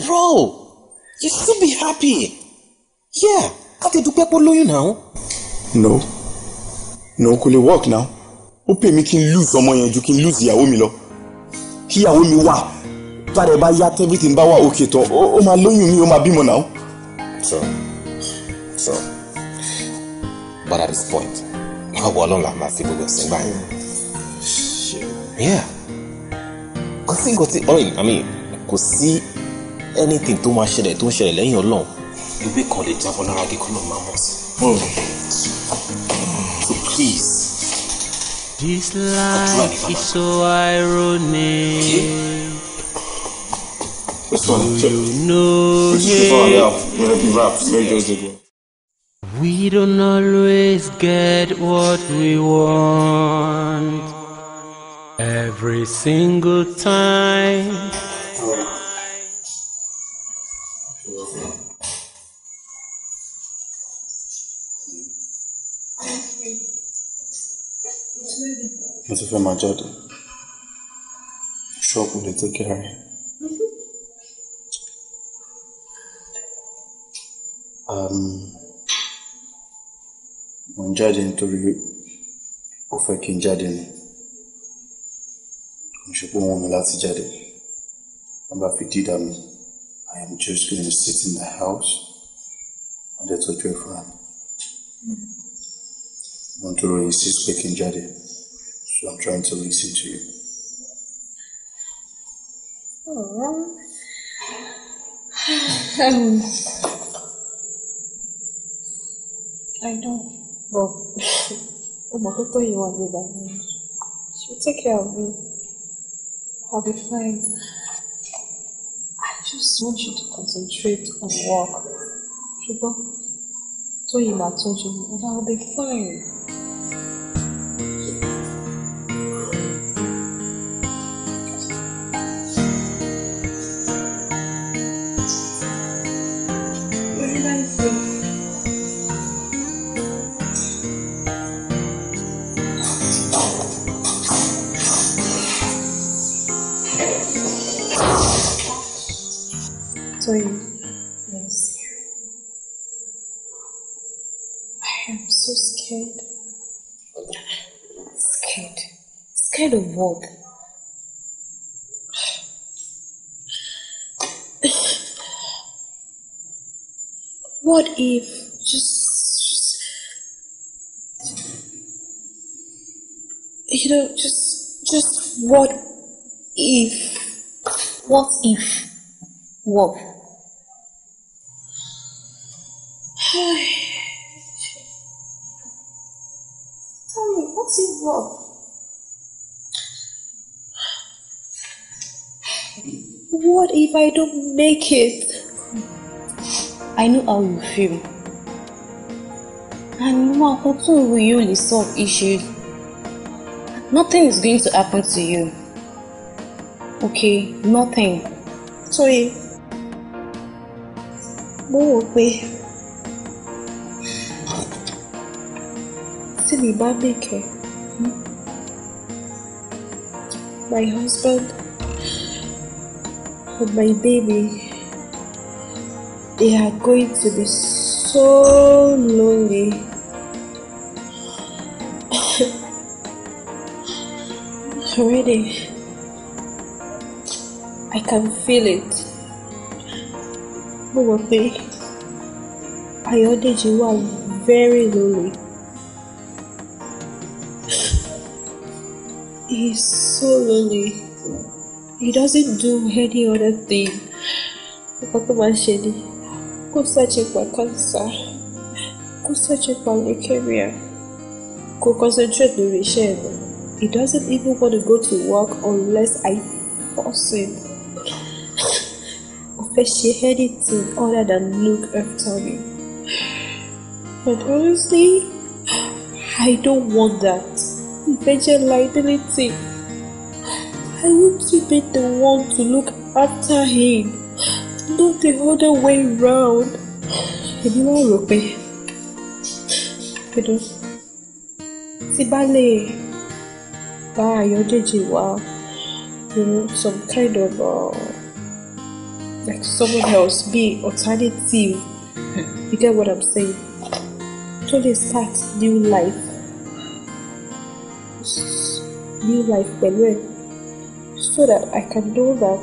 S2: bro you should be happy yeah ká ti dúpẹ́ pé ó lóyún now?
S1: no no kò lè work now ó pè mí kí n lose ọmọ yẹn ju kí n lose ìyàwó mi lọ kí ìyàwó mi wà tàdé bá yá everything bá wà òkè tán ó máa lóyún mi ó máa bímọ náà. so so but at this point máa wọ ọlọ́run làá máa fi gbogbo ẹ̀sìn gbà yẹn. yeah kò sí nǹkan tí ọ̀rìn i mean kò sí anything tó máa ṣẹlẹ̀ tó ń ṣẹlẹ̀ lẹ́yìn ọlọ́run
S2: ewé kan lè jábọ́ lára kíkọ́ náà máa mọ̀ sí. Hmm. so please This life is so ironic.
S1: Do you
S2: know it? We don't always get what we want. Every single time.
S1: mo ti fẹ́ máa jáde ṣọ́ọ̀bù lè tẹ́ kí ara mo ń jáde nítorí ó fẹ́ kí n jáde ni kò ṣe pé wọ́n mi láti jáde wọ́n bá fi dídá mi I am just going to sit in the house wọ́n dẹ̀ tọ́jú ẹ̀ fúnra mi mo ń dúró yìí sí pé kí n jáde. So I'm trying to listen to
S2: you. Oh. um, I know. Well, Umakoto, you want me by me. She'll take care of me. I'll be fine. I just want you to concentrate on work.
S3: Shubo, Toyima told you, and I'll be fine. both.
S2: what if just, you know just just what if what if what Tell me, what's it What if I don't make
S3: it? I know how you feel. And no opportunity will you solve issues. Nothing is going to happen to you. Okay, nothing. Sorry. Mo wò pé
S2: tí mi bá bèkẹ́, hmm, my husband. my baby, they are going to be so lonely. Already, I can feel it. know that you are very
S3: lonely. He's so lonely. He doesn't do any other thing.
S2: Shady. Go search for cancer. Go search for leukemia. Go concentrate on research. He doesn't even want to go to work unless I force him. Or she anything other than look after me. But honestly, I don't want that. Major liability. I want to be the one to look after him, not the other way round. Èmi wá rò pé pẹ̀lú tí bá lè bá Ayọ̀dèjì wá you know some kind of uh, like someone else be alternative you get what I'm saying to dey start new life new life pẹ̀lú ẹ̀. so that I can know that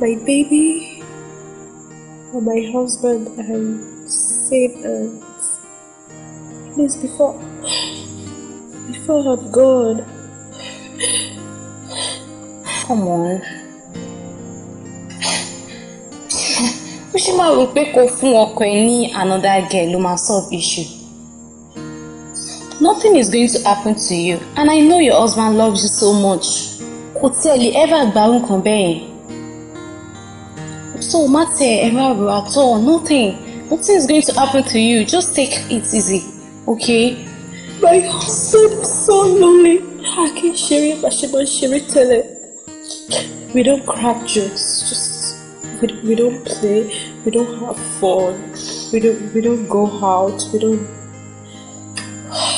S2: my baby or my husband and safe and please before before I'm gone.
S3: Come on. ó should máa rò pé kò another girl ló máa solve issue. Nothing is going to happen to you and I know your husband loves you so much kò tiẹ̀ lè ever gbàrú nǹkan bẹ́ẹ̀ so má tiẹ̀ ever rò at all nothing nothing is going to happen to you just take it easy okay. my husband is so lonely I a kì í ṣeré bá ṣe
S2: Share it, tell tẹ́lẹ̀ we don't crack jokes just we, we don't
S3: play we don't have fun we don't we don't go out we don't.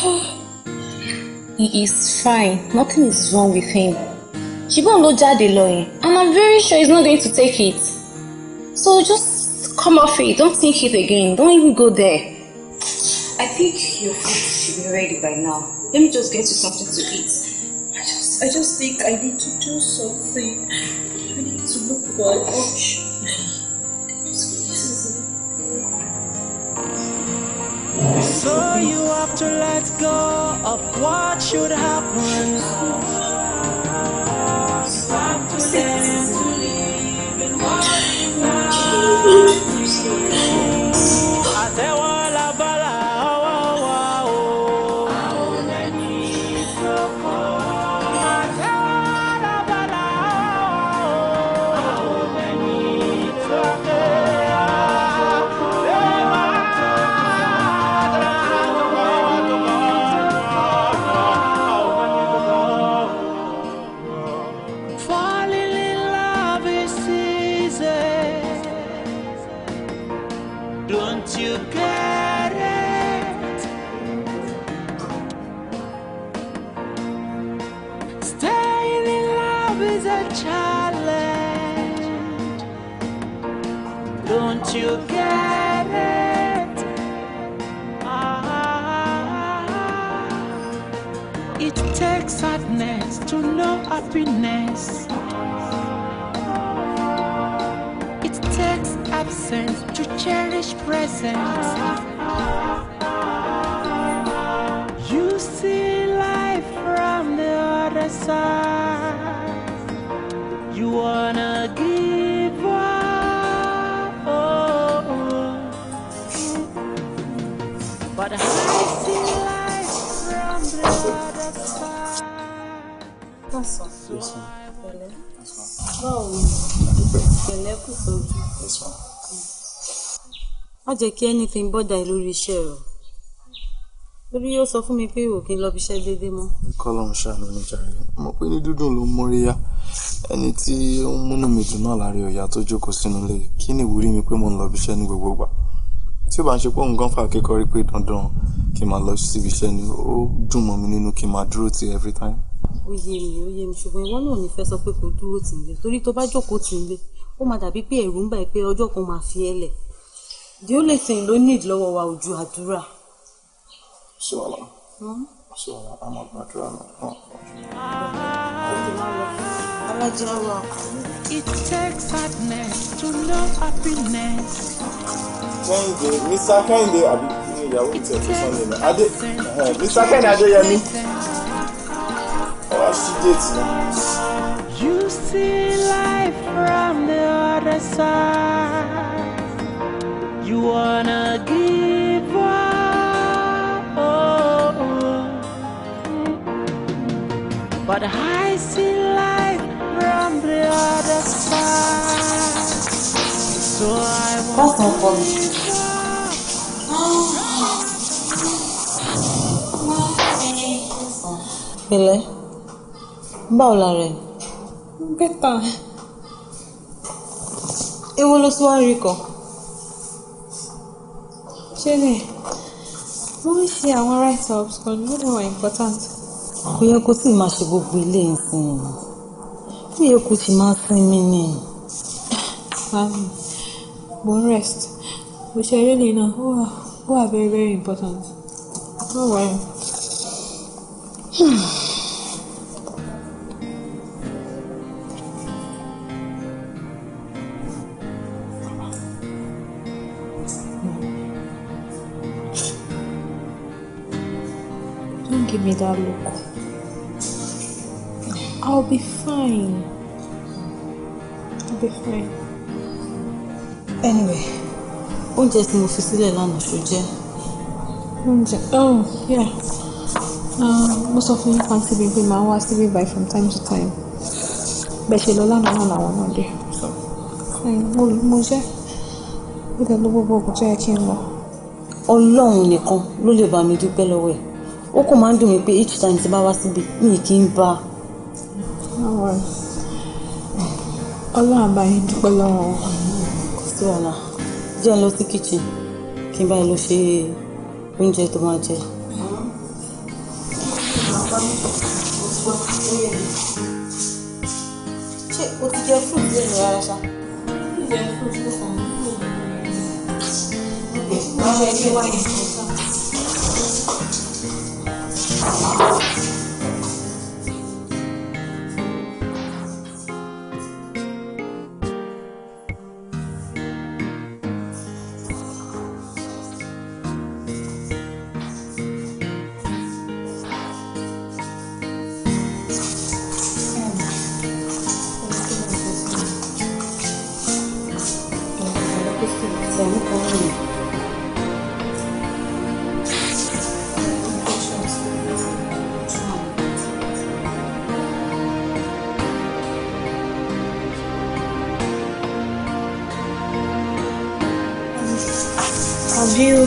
S3: He is fine. Nothing is wrong with him. Shibon ló jáde lọ yẹn and I'm very sure he's not going to take it so just come off it don't think it again don't even go there. I think your food should be ready by now let me just get you something to eat. I just I just
S2: think I need to do something I need to look for an option. So you have to let go of what should happen. Stop to leave and walk like sadness to no happiness. It takes absence to cherish presence. You see life from the other side. You are Ọ̀sán. Ọ̀sán. Pẹ̀lẹ́. Báwo ni? Pẹ̀lẹ́ kò sójú. Ọ̀sán.
S3: Má jẹ́ kí anything bọ́dà ẹ lórí iṣẹ́ rẹ̀. Torí ó sọ fún mi pé ìwò kí n lọ fi iṣẹ́ déédéé mọ́.
S1: Kọ́lọ̀ ń ṣàánú mi jàre. Mo pé ní dúdùn ló ń móríyá. Ẹni tí ó ń múnú mi dùn náà láre ọ̀yà tó jókòó sínú ilé. Kí ni ìwúrí mi pé mo ń lọ bí iṣẹ́ ní gbogbo ìgbà? Tí ó bá ń ṣe pé òun gan fà kíkọ́rí pé dandan kí n máa lọ síbi iṣẹ́ ni ó dùn mọ́ mi nínú kí n máa dúró ti every time
S3: ó mi ó mi ṣùgbọ́n ìwọ náà ò sọ pé kò dúró tì nílé torí tó bá jókòó tì nílé ó máa dàbí pé ẹ̀rù ń bà ẹ́ pé ọjọ́ kan máa fi ẹ́ lẹ̀ the only thing ló need lọ́wọ́ wa ojú àdúrà. ṣé wàá ṣé wàá àmọ́ àdúrà náà.
S2: alájà wa. It takes sadness to know happiness.
S1: Kẹ́hìndé Mr. Kẹ́hìndé àbí ìyàwó ìtẹ̀kùn Sunday
S2: Adé eh, Mr. Kẹ́hìndé Adéyẹmí. Oh, you see life from the other side. You wanna give up. Oh, oh. But I see life from the other side. So
S3: I won't. Hello. báwo la rẹ̀. bẹ́tà. ewo ló tún wá rí kọ. ṣé ni wọ́n ń ṣe àwọn right ups kan lórí wọn important. kò yẹ kó sì máa ṣe gbogbo ilé ìsìn kò yẹ kó sì máa sinmi ni. mo ń rest mo ṣe eré lè náà ó wà ó wà very very important.
S2: no worry. me that look. I'll be fine. I'll be fine.
S3: Anyway, oúnjẹ tí mo fi sílẹ̀ lánàá ṣó jẹ́.
S2: oh yeah. Um, mo sọ fún yín pàǹtí bíi pé màá wá síbí by from time to time.
S3: Bẹ́ẹ̀ ṣe lọ lánàá náà làwọn náà dé.
S2: Mo jẹ́ ó dẹ̀ ló gbogbo ògùn tó yẹ kí n lọ.
S3: Ọlọ́run nìkan ló lè bá mi dúpẹ́ lọ́wọ́ ẹ̀ ó kò máa ń dùn mí pé each time tí bá wá síbi mi kì í bá.
S2: ọlọ́run àbáyé dúpẹ́ lọ́wọ́
S3: kò sí ọ̀la jẹ́ ń lọ sí kitchen kí n báyìí lọ ṣe oúnjẹ tó máa jẹ. ṣé o ti jẹ fún ìdílé mi rárá ṣá. ìjẹ fún ìdílé kan. ọ̀rẹ́ kí wáyé.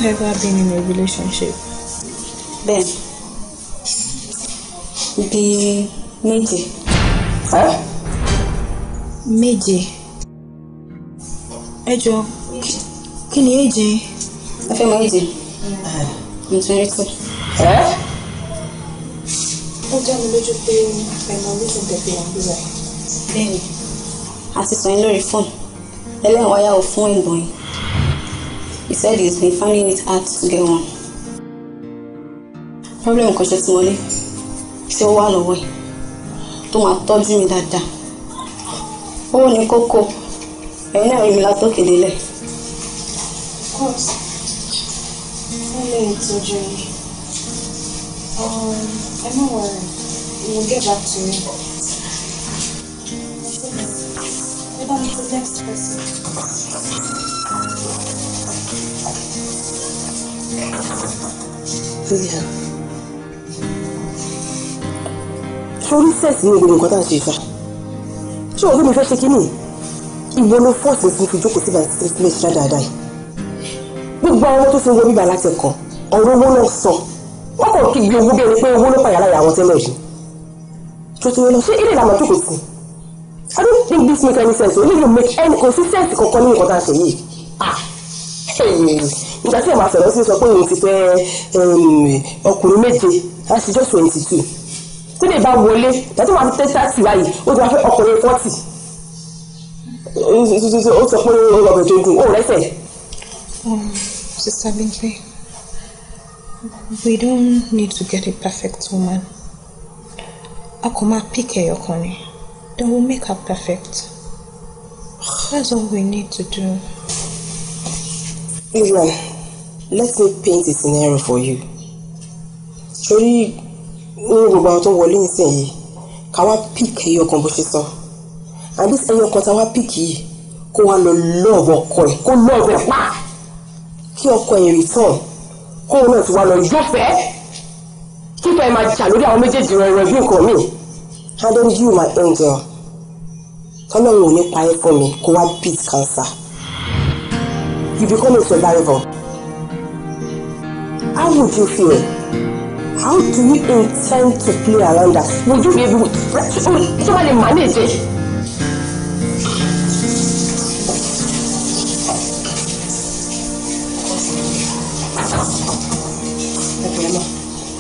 S2: ever been in a relationship? Bẹ́ẹ̀ni, bí méje. Méje. Ẹ jọ,
S3: kí ni èjì? Ẹ fẹ́ mọ èjì? I'm twenty two.
S2: Ó dá mi lójú pé ẹ̀mọ mi ti tẹ̀lé
S3: àbúrò ẹ̀. Bẹ́ẹ̀ni, a ti sọ yín lórí fóònù. Ẹlẹ́rìn wáyà fún ẹ̀gbọ́n yìí said he's been finding it hard to get one. problem kan ṣe tí mo ní tí ó wà lọ́wọ́ ẹ̀ tó máa tọ́jú mi dáadáa owó ní kókó ẹ̀yin náà rí mi látòkè délẹ̀.
S2: wọ́n lè tọ́jú yín um, ẹ má wọ̀rẹ̀ will get back to you. sílẹ̀ sórí sẹ́ẹ̀sì ní gbogbo nǹkan tá à ń ṣe ìfà ṣé òun mi fẹ́ ṣe kí ni ìwọ ló fọ́ọ̀sì sí fi jókòó síbà treatment ṣá dáadáa yìí gbogbo àwọn ọmọ tó ti wọ bíbá láti ẹ̀kọ́ ọ̀rọ̀ owó náà sọ wọ́n kàn kí ibi owó bí ẹni pé owó ló pàyà láyà àwọn tẹ́lẹ̀ yìí tó ti lọ ṣé ilé ìlànà jókòó sí I don't think this make any sense o ilé yóò make any consistency kankan ní nǹkan tá à ń ṣe yìí ah. Hey ìgbà tí àwọn àfẹ̀rọ̀ sí sọ pé òun ti fẹ́ um, ọkùnrin méje láti jọ́ twenty two tí lè bá wọlé ìdájọ́ máa ti tẹ́ thirty báyìí ó ti wá fẹ́ ọkùnrin forty ó sọ pé ó lọ bẹ̀rẹ̀ tó gùn ó rẹ́sẹ̀. Sister Bingley, we don't need to get a perfect woman. A kò máa pick ẹyọ kan ni, then we'll make her perfect. That's all we need to do. Irọ́ let me paint a scenario for you torí nínú gbogbo àwọn tó ń wọlé nísìnyí ká wá pick ẹyọ kan bó ṣe sọ and this ẹyọ kan tá wá pick yìí kó wá lọ love ọkọ ẹ kó love ẹ pa kí ọkọ ẹ return kó wọn náà ti wá lọ yọfẹ kíkọ ẹ máa jà lórí àwọn méjèèjì rẹ rẹ bí nǹkan mi handle you my angel tọ́lọ́run ò ní pa ẹ́ fún mi kó wá beat cancer you become a survivor. How would you feel? How do you intend to play around us? Would you be able to somebody manage it?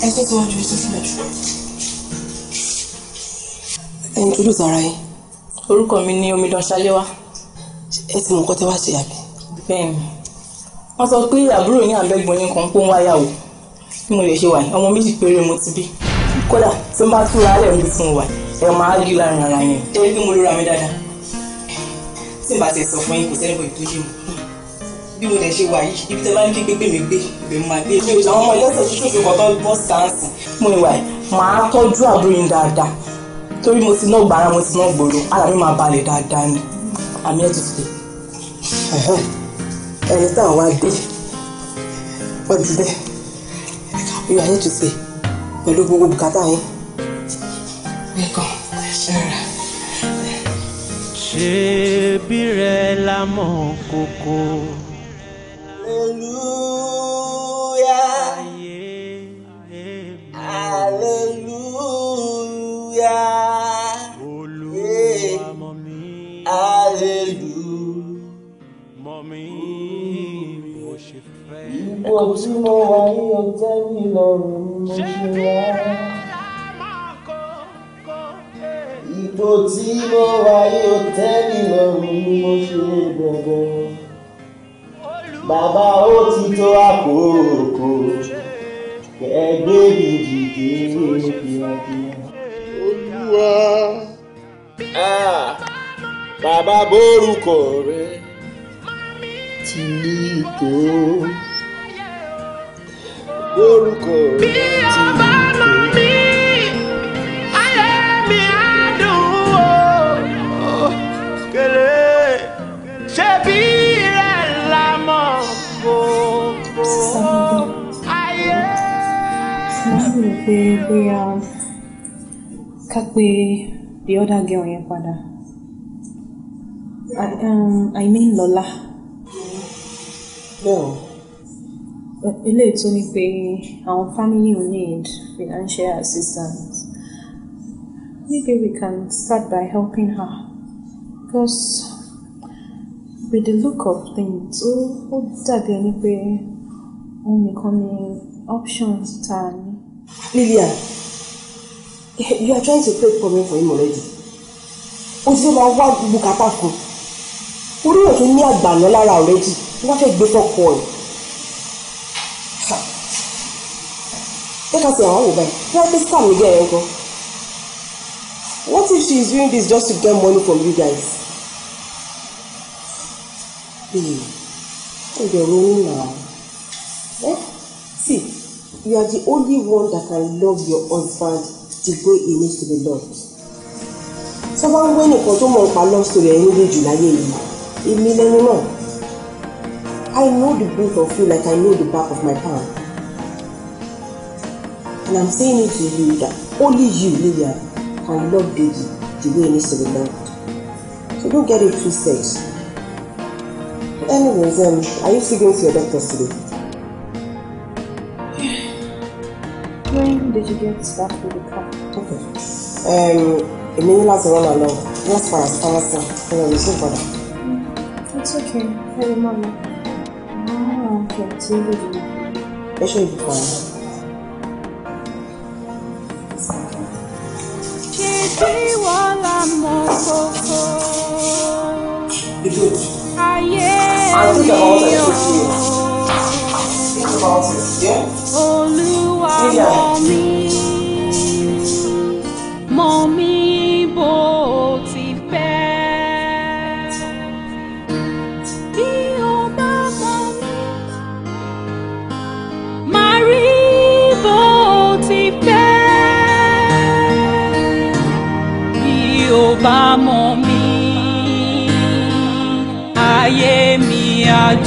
S3: ẹgbẹ́ tí wọ́n ju iṣẹ́ sílẹ̀ jù. ẹni tó dùn sára yín. orúkọ mi ni omidan ṣaléwá. ẹ ti mọ nǹkan wá ṣe àbí. bẹ́ẹ̀ wọ́n sọ pé àbúrò yín àbẹ́gbọ̀n yín kan kó ń wáyà o bí mo lè ṣe wà ọmọ méjì péré mo ti bí kódà tí n bá túra lẹ̀ níbi tí mo wà ẹ máa rí láàrin ara yẹn ṣé bí mo lóra mi dáadáa tí n bá ti sọ fún yín kò sẹ́ni bọ̀ ìtọ́jú mi bí mo lè ṣe wà yìí ibi tí a bá ní kí gbégbé mi gbé ibẹ̀ máa gbé mi àwọn ọmọ ẹlẹ́sẹ̀ tuntun fi kọ̀ọ̀kan bọ́ sáǹsì
S2: mo ìwà ẹ̀ máa tọ́jú àbúrò yín dáadáa torí mo ti ná gbàrà mo ti ná gbòòrò ara mi máa balẹ̀ dáadáa ni àmì ẹ̀ tuntun ẹni táwọn wá dé wọ́n ti dé you are here to stay pẹ̀lú gbogbo bùkátà yín. ṣé bí rẹ̀ la mọ̀ kókó. ipò tí mo wà ní ọjọ́ mi lọ́rùn ni mo ṣe wá. ipò tí mo wà ní ọjọ́ mi lọ́rùn ni mo ṣe bẹ̀rẹ̀. bàbá ó ti tó àkókò kẹgbẹ́ dìde kíákíá. olúwa
S1: bàbá borúkọ rẹ ti ní ìtò
S2: orúkọ rẹ ti yẹ.
S3: pé bóyá
S2: ká pé the other girl yẹn padà I, um, I mean Lọ́lá. Yeah eléyìí tó ní pé àwọn family
S3: will need financial assistance maybe we can start by helping her because with the look of
S2: things ó ó dàbí ẹni pé òun nìkan ni options ta ni. Lillian you are trying to play problem for him already o ti máa wá bùkátà kan orí òtún ní àgbàná lára already wọ́n fẹ́ gbé fọ́kọ ẹ̀. Look at her husband. Well, this scam you get, uncle. What if she is doing this just to get money from you guys? Hey, oh, they're rolling now. Eh? See, you are the only one that can love your husband the way he needs to be loved. Tó bá ń wé nìkan tó mọ̀ nípa love story ẹ̀yin méjì láyé yìí, èmi lẹ́nu náà. I know the both of you like I know the back of my palm. And I'm saying it to you that only you, Lydia, can love Deji the way he needs to be loved. So don't get it twisted. Anyways, um, are you still going to your doctor's today? When did you get stuck with the car? Okay. Um, it Emily has to run along. That's fine, it's fine, Come on, it's for bother. Mm, it's okay. Hey, Mama. Ah, okay. See you. Make sure you be quiet. tí wọ́n là mọ́ kókó. Ayé mi bá mọ̀ mí mi àjọ.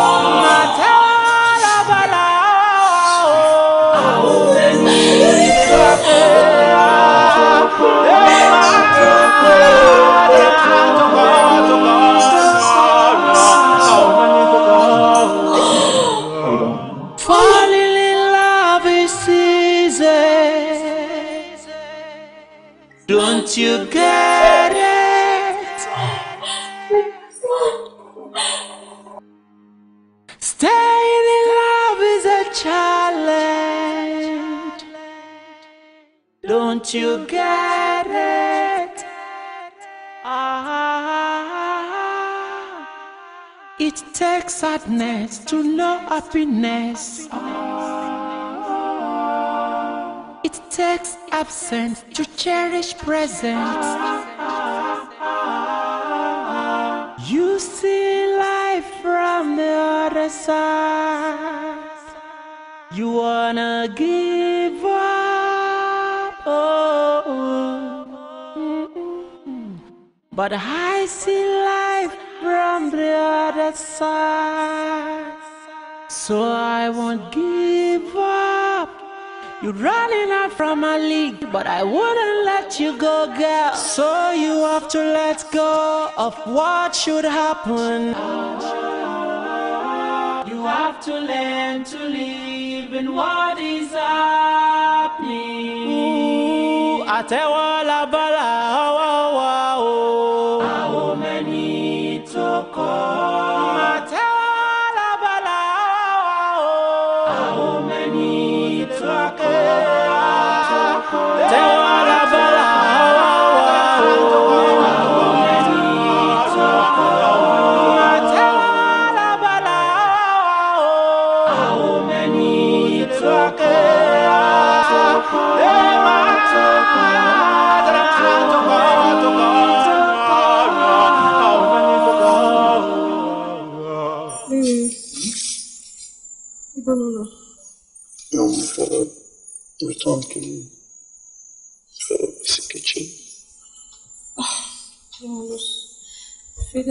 S2: sadness to no happiness. It takes absence to cherish presence. You see life from the other side. You wanna give up, oh, but I see life from the other side. So I won't give up. You're running out from my league, but I wouldn't let you go, girl. So you have to let go of what should happen. You have to learn to live in what is happening. Ooh, I tell all about Oh.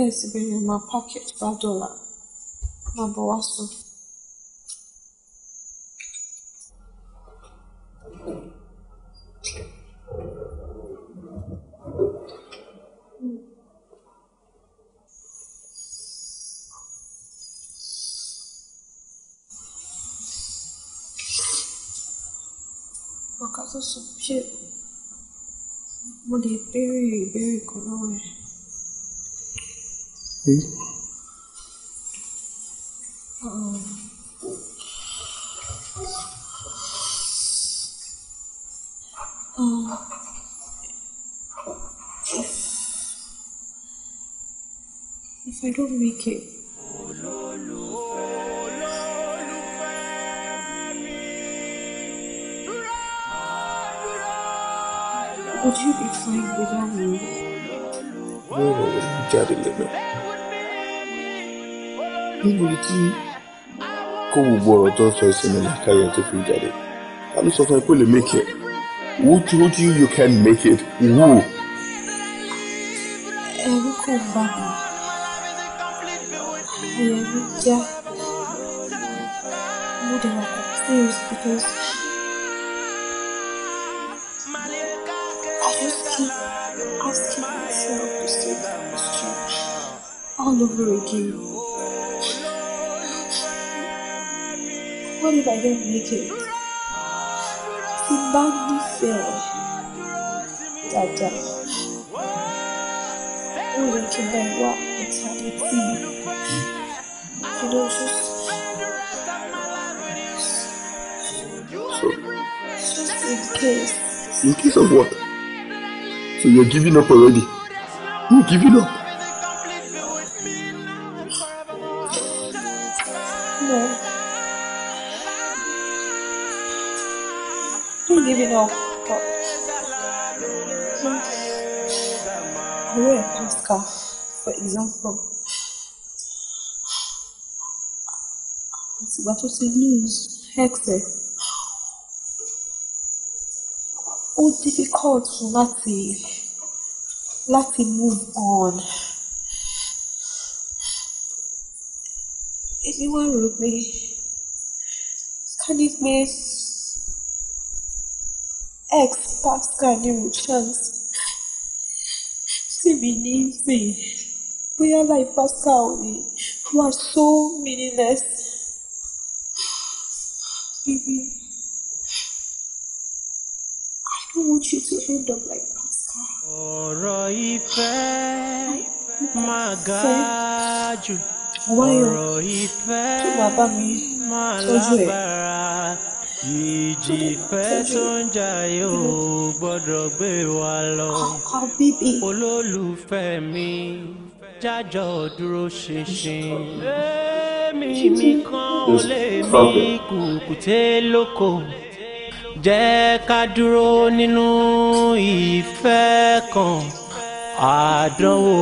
S3: Yes, bring in my pocket five dollar. Number one so.
S2: Por causa do subjetivo, mudei
S3: bem, bem com a tí
S2: If I don't make it.
S3: Would you be fine
S2: without me?
S1: No, no, Daddy, live nítorí tí kó gbogbo ọ̀rọ̀ tó sọ ìsinmi làkàyà tó fi jáde ta ló sọ fún ẹ kó lè make it who told you you can make it who.
S2: ẹ̀rù kò bá mi ẹ̀rù já mo dẹ̀ wà confused because I just keep asking myself the same question all over again. What if I don't make it? Tí bá nífẹ̀ẹ́ dáadáa, ó yẹ kí n lọ wá alternative. You know, just just in case.
S1: In case of what? So you're giving up already?
S2: You're giving up? exam pọ̀. àtìgbà tó ti lose ex ẹ̀ ó difficult láti láti move on. èmi wá rò pé ká ní pé ex Pascal ní chance síbi ní sìn prayer life pastor Oyi you are so meaningless baby I don't want you to end up like pastor. ọ̀rọ̀ ìfẹ́ máa ga jù ọ̀rọ̀ ìfẹ́ máa lágbára ìjì ìfẹ́ tó ń jà yóò gbọ́dọ̀ gbé wa lọ olólùfẹ́ mi jájọ dúró ṣinṣin. èmi nìkan ò lè mí kùkùté lóko jẹ́ ká dúró nínú ìfẹ́ kan àdánwò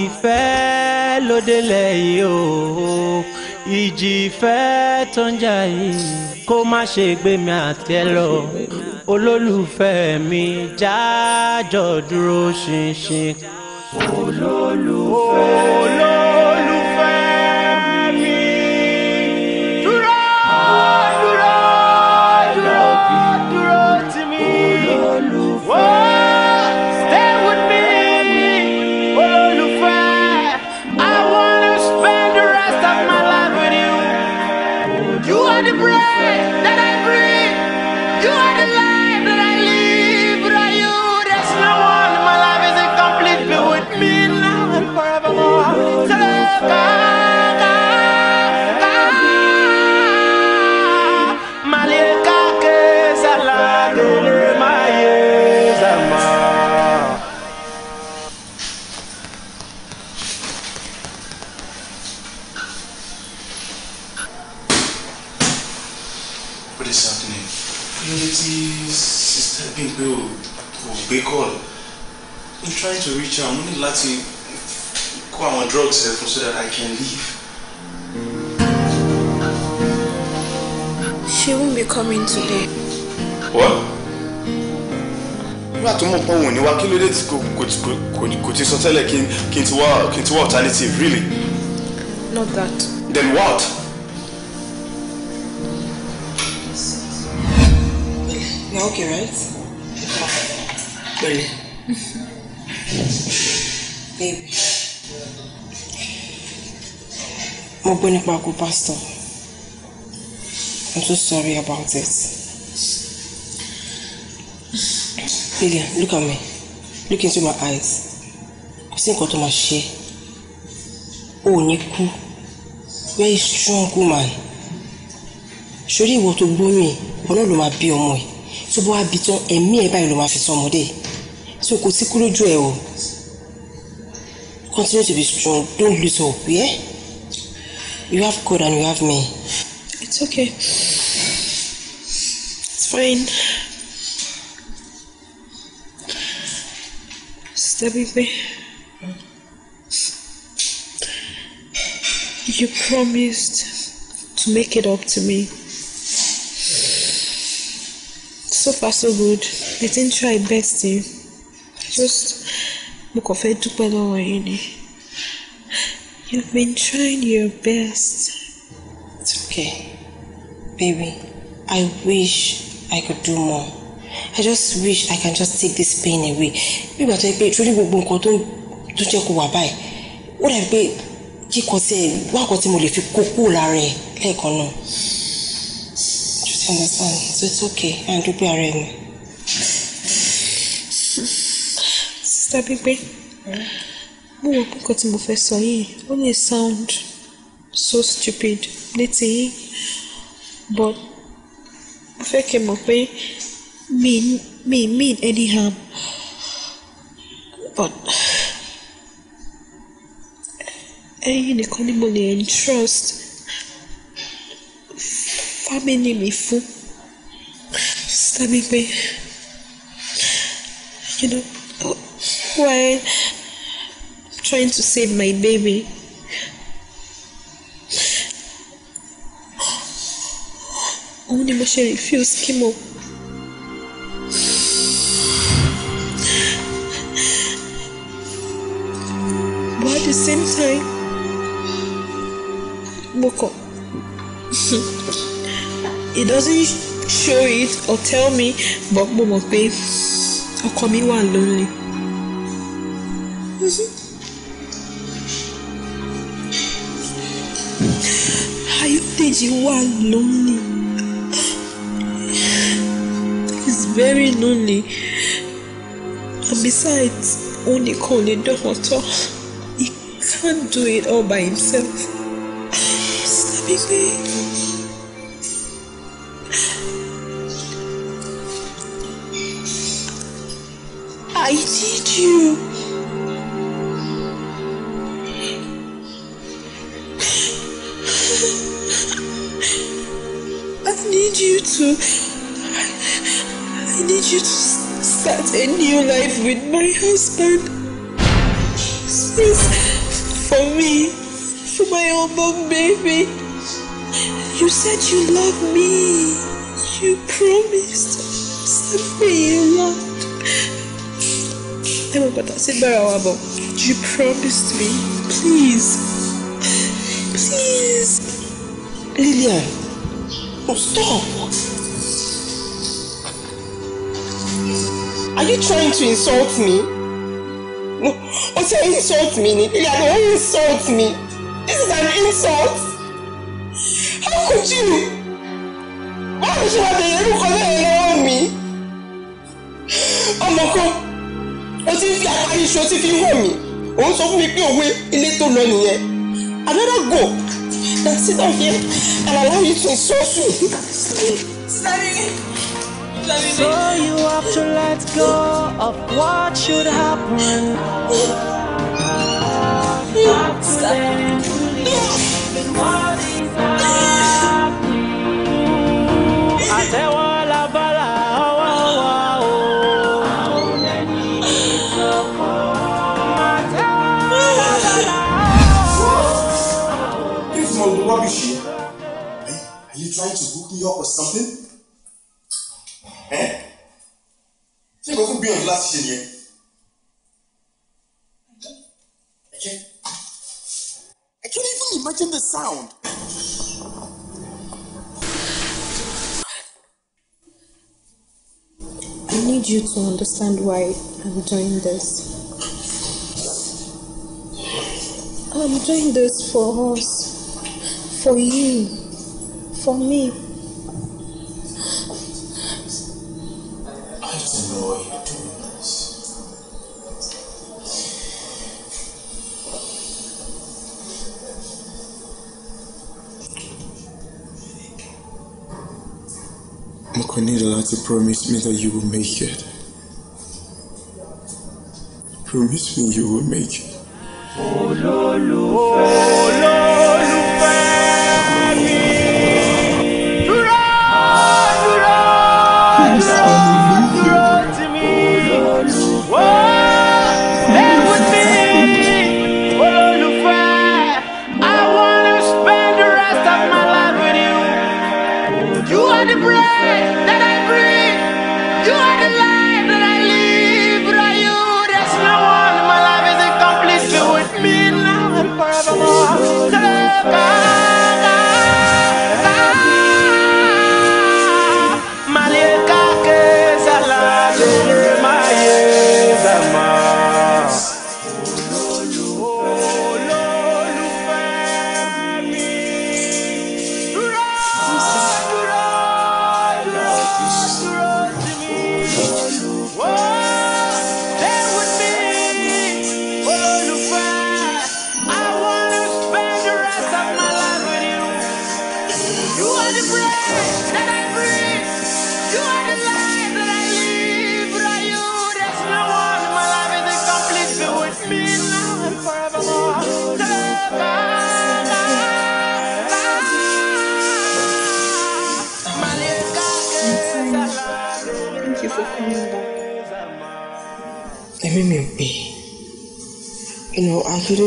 S2: ìfẹ́ lódélẹ̀ yìí o ìjì ìfẹ́ tó ń jà yìí kó má ṣe gbé mi àti lọ olólùfẹ́ mi jájọ dúró
S3: ṣinṣin olólùfẹ́. olólùfẹ́.
S1: kitchen mo ní láti kó àwọn drugs so that I can leave.
S2: She won't be coming today.
S1: What? nígbà tó mọ̀ pọ̀ wò ní wa kí ló dé kò ti sọ tẹ́lẹ̀ kí n ti wá kí alternative really.
S2: Not that. Then what? You're okay, right? Pẹ̀lẹ́. baby mo gbọ́ nípa kú pastor I'm so sorry about it Lillian look at me look into my eyes kò sí nǹkan tó máa ṣe o ò ní kú very strong woman sórí ìwọ tó gbómi ọlọ́run ló máa bí ọmọ ẹ̀ tó bá wá bí tán ẹ̀mí ẹ̀ báyìí ló máa fi sọ ọmọdé yìí so kò sí kúrò jù ẹ o continue to be strong don't lose hope yeah? you have God and you have me. it's okay it's fine. Stepping Bay. You promised to make it up to me. So far, so good. I didn't try best, to. Eh? just mo kàn fẹ́ dúpẹ́ lọ́wọ́ yín ni you've been trying your best.
S3: it's okay baby i wish i could do more i just wish i can just take this pain away bí
S2: ìgbà tó yẹ pé ìtúrí gbogbo nǹkan tó tó jẹ́ kó wà báyìí ó dàbí pé kíkọ sí ẹ wá nǹkan tí mo lè fi kó kúrò lára ẹ lẹ́ẹ̀kan náà. just understand so it's okay
S3: and dúpẹ́ ara ẹ mi.
S2: sísá gbígbé mo wò pé nǹkan tí mo fẹ́ sọ yìí ó lè sound so stupid létí yín but mo fẹ́ kí n mọ̀ mi mi mean any harm but ẹ̀yin nìkan ni mo lè trust family mi fún sísá gbígbé you know were trying to save my baby. Only ni mo ṣe refuse chemo. but at the same time Boko. He doesn't show it or tell me but Boko mọ̀ pé ọkọ mi wà lonely. Bísí. Ayọ̀dèjì wà lonely. It's very lonely. And besides, only nìkan ò lè He can't do it all by himself. Sábì pé. I need you. to. I need you to start a new life with my husband. Please, for me, for my unborn baby. You said you love me. You promised. Something you loved. You promised me. Please. Please. Lillian. Oh, stop! Are you trying to insult me? No, what's your insult me? Nidia, don't insult me. This is an insult. How could you? Why would you have the yellow color around me? Ọmọ kan, o ti fi àparí iṣu o ti fi hàn mí. Òun sọ fún mi pé òwe ilé tó lọ nìyẹn. Another go Now sit down here and allow you to insult me. So you have to let go of what should happen. What is happening? I tell
S1: you up with something? Eh? I
S2: can't even imagine the sound. I need you to understand why I'm doing this. I'm doing this for us, for you, for me. your eternals.
S1: Mkonidala to promise me that you will make it. Promise me you will make it. Oh, Lord, Lord. Oh, Lord.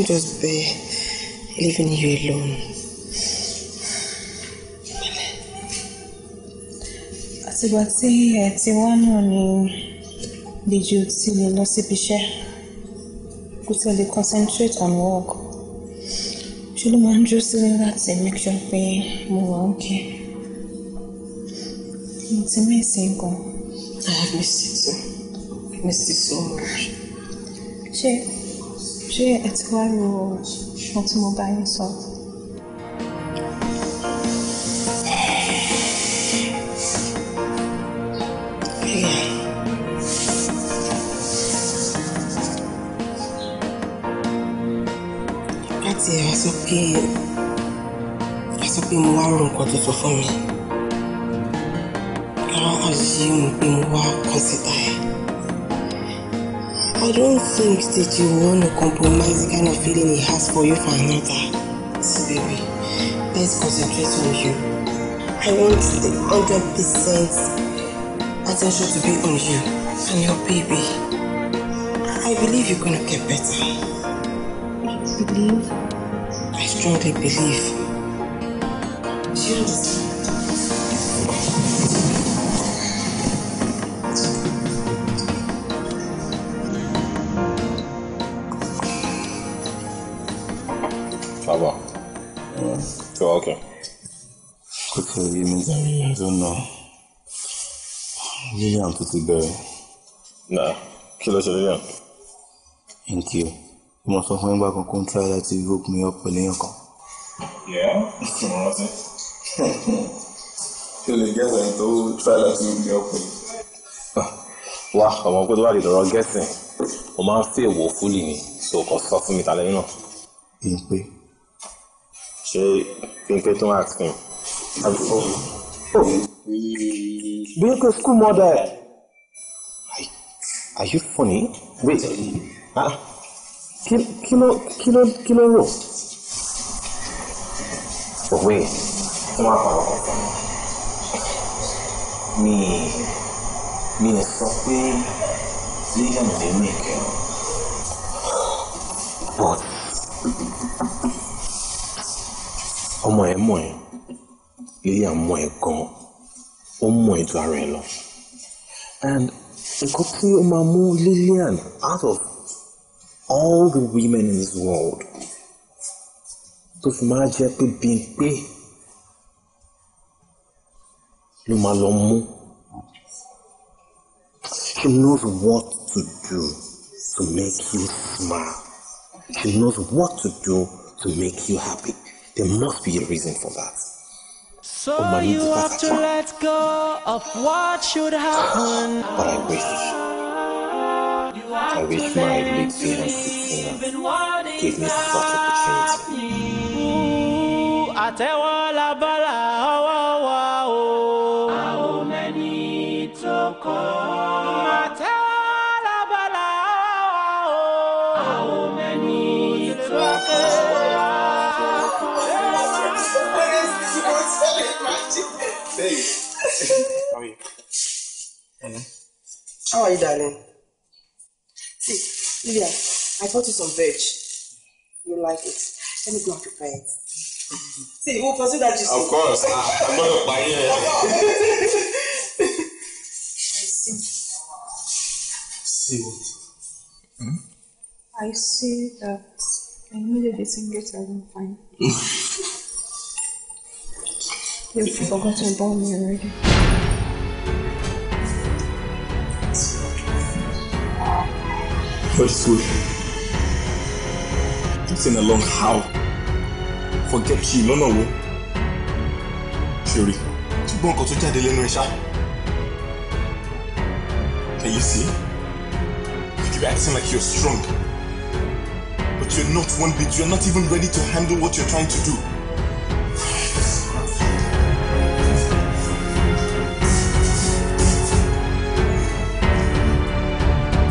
S2: shouldn't just be leaving you alone. àtìgbà tí ẹ ti wá náà ni Bíjí ti lè lọ síbi iṣẹ́ kó tẹ̀ lè concentrate on work ṣé ló máa ń dúró sílé láti make sure pé mo wà ókè mo ti mẹ́sì gan. I have missed you. so missed you so much. ṣé ṣé ẹ ti wá lo ṣan tí mo bá yín sọ.
S3: láti ẹ̀ sọ pé
S1: ẹ sọ pé mo wá rò nǹkan tuntun fún mi. Àwọn
S2: àyè mo pé mo wá kọ́sítà ẹ̀. I don't think that you want to compromise the kind of feeling he has for you for another. See, baby, let's concentrate on you. I want the 100% attention to be on you and your baby. I believe you're going to get better. You believe? I strongly believe. Do you understand?
S1: I don't know. Lillian tó ti bẹ̀rẹ̀.
S2: Nà kí ló ṣe Lillian?
S1: Thank you. Bí mo sọ fún ẹgbẹ́ kankan tí ara ti hook me up with èèyàn kan. Yẹ́ mo rántí. Kí o lè gẹ́sẹ̀ tó try láti hook me up pẹ̀lú. Ah, wá ọmọ pé tó bá lè lọ́rọ̀ gẹ́sìn, mo máa ń fi èwo fúlì ni, so kàn sọ fún mi tàlẹ́ yín náà. Bí n pé. Ṣé
S2: Pínpín tó ń àtìkùn? Àbúkọ́. Build a school model. Are you funny? Wait. Ah. Kí kilo kilo kilo. ló kí ló rò? Òwe tí wọ́n pa ọkọ̀ fún mi. Mi lè sọ pé But ọmọ ẹ̀ mọ̀ yóò yà mọ ẹ gan ó mọ ètò ara ẹ lọ and nǹkan tí ó máa mú Lillian out of all the women in this world tó fi máa jẹ́ pé Bímpé ló máa lọ mú she knows what to do to make you smile she knows what to do to make you happy there must
S1: be a reason for that.
S2: So you have to let go of what should happen. But I wish. I wish my big parents could give me such opportunity. Ooh, I tell all about How are you, darling? See, Lydia, I bought you some veg. You like it. Let me go and prepare it. See, we'll pursue that you Of course. Ah, I'm going to buy it. See what? Hmm? I see that I needed a singlet I didn't find. You've forgotten about me already. first social.
S1: a long how? Forget she no. wo? Ṣèrè, ṣùgbọ́n nǹkan tó jáde lẹ́nu ẹ̀ ṣá. Can you see? You acting like you're strong. But you're not one bit, you're not even ready to handle what you're trying to do.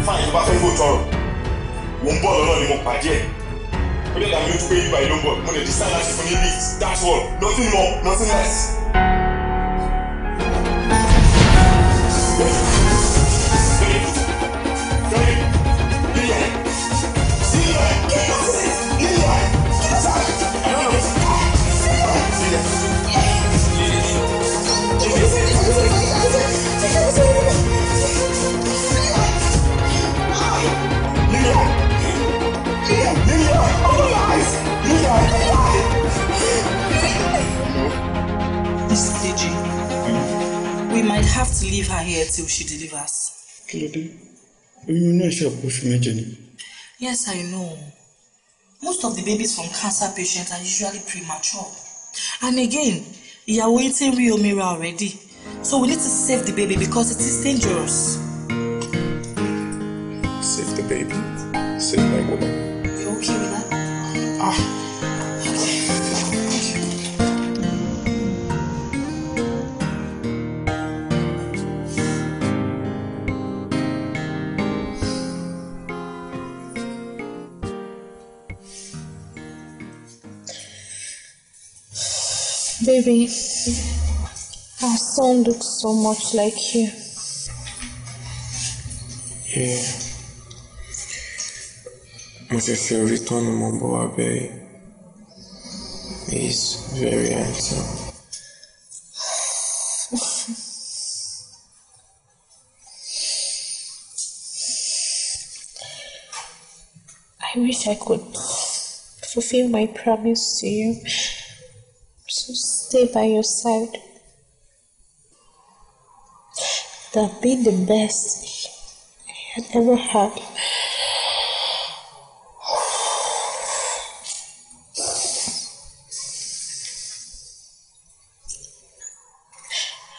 S1: Fine, bá fẹ́ kó tọrọ mò ń bọ̀ lọ́nà ni mo pàdé ẹ̀ ó dẹ̀ dàbí ojú pé ibà ìlú ń bọ̀ mo dẹ̀ decide láti fún ní lift that's all nothing more nothing less.
S2: might have to leave her here till she delivers.
S1: kí ló dé oyún náà ṣe àpò
S2: yes i know most of the babies from cancer patients are usually premature and again ìyàwó yín ti ń rí already so we need to save the baby because it is dangerous. save the baby save my woman. you okay with that. ah. Baby, our son looks so much like you. Yeah.
S1: Mo ṣẹ̀ṣẹ̀ rí tán ni mo He is very handsome.
S2: I wish I could fulfill my promise to you to stay by your side. That be the best I had ever had.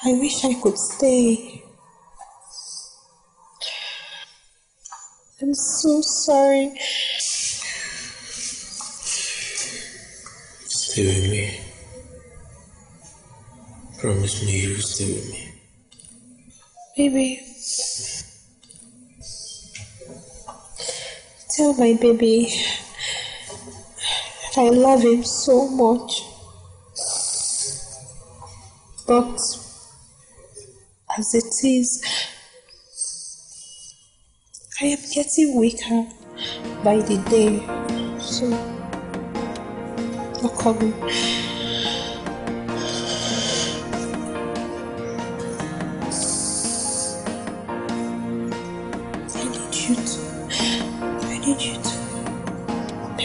S3: I wish I could stay. I'm so sorry.
S1: Stay with me. Promise me you'll stay with me.
S2: Baby. Tell my baby that I love him so much. But as it is, I am getting weaker by the day. So, look at coming.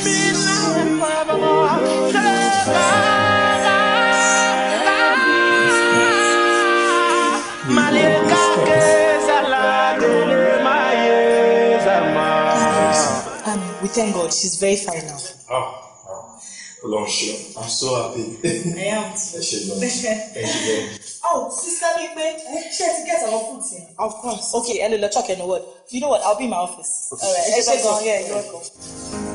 S2: Um, we thank God. She's very fine now.
S1: Oh, oh. Long show. I'm so happy. I am Thank you very
S2: much. Oh, Sister Bigbe, she has to get our food here. Of course. Okay, Hello, let's talk in a word. You know what? I'll be in my office. Okay. All right. She's she's Yeah, you're welcome.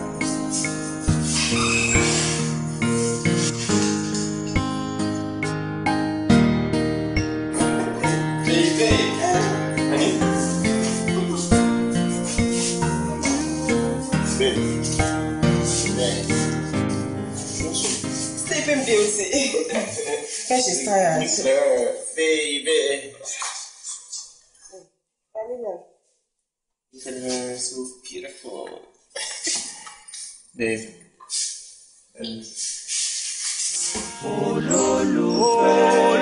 S2: Sleeping beauty. yeah, she's tired.
S1: baby.
S2: Look at her, so beautiful. Babe. And... Oh,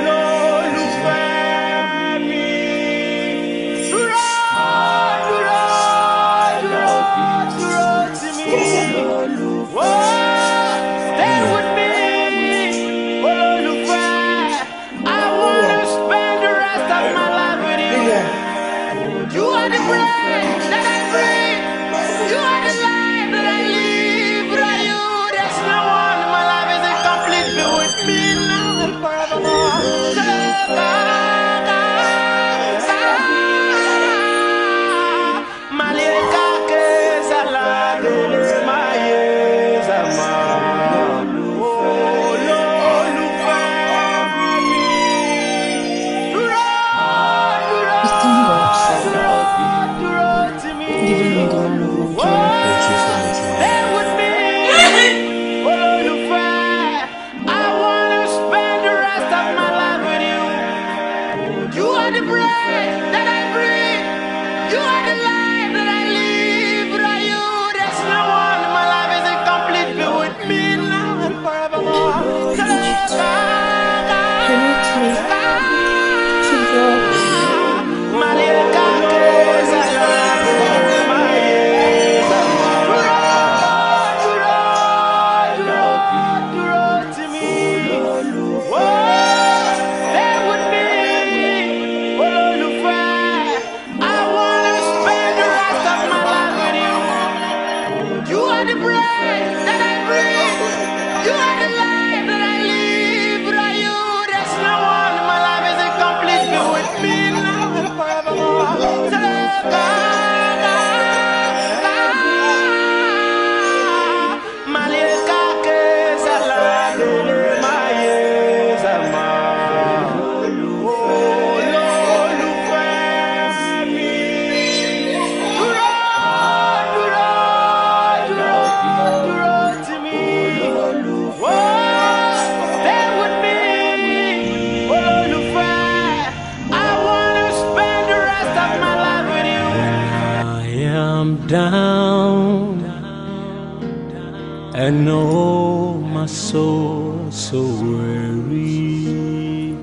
S2: soul so weary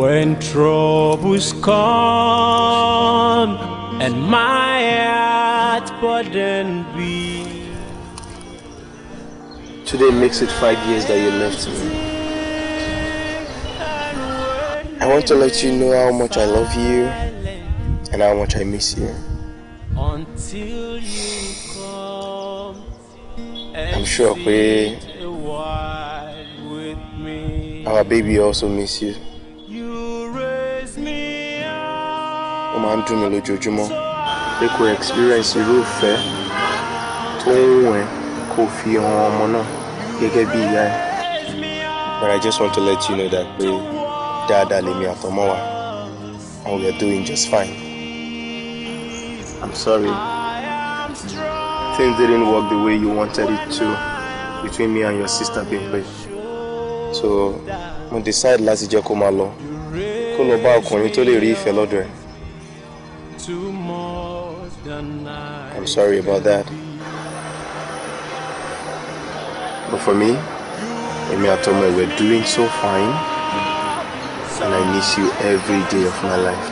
S2: when troubles come and my heart burden be.
S1: Today makes it five years that you left me. I want to let you know how much I love you and how much I miss you.
S2: Until you come.
S1: I'm sure pé Our baby also miss you. Ó máa ń dùn mí lójoojúmọ́ pé kò experience irúfẹ́ tó ń wù ẹ́ kò fi hàn ọmọ náà gẹ́gẹ́ bí ìyá ẹ̀. But I just want to let you know that pé dáadáa lèmi àtọmọ́ wa and we are doing just fine. I'm sorry. Things didn't work the way you wanted it to between me and your sister Bimbe so mo decide láti jẹ́ kó máa lọ kó lọ bá ọkùnrin tó lè rí ìfẹ́ lọ́dọ̀ ẹ̀. I'm sorry about that. But for me, Emi Atoma, we're doing so fine. And I miss you every day of my life.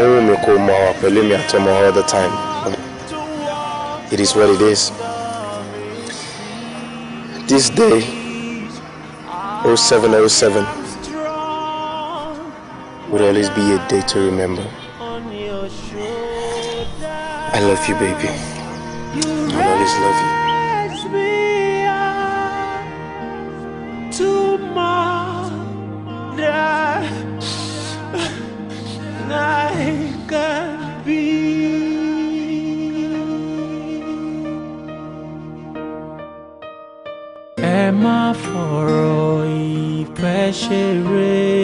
S1: Ẹ̀rù mi kò I àwọn pẹ̀lú Emi Atoma all the time. It is what it is. this day 0707 would always be a day to remember. I love you, baby.
S2: I'll always love you. ọ̀rọ̀ ìfẹ́ ṣeré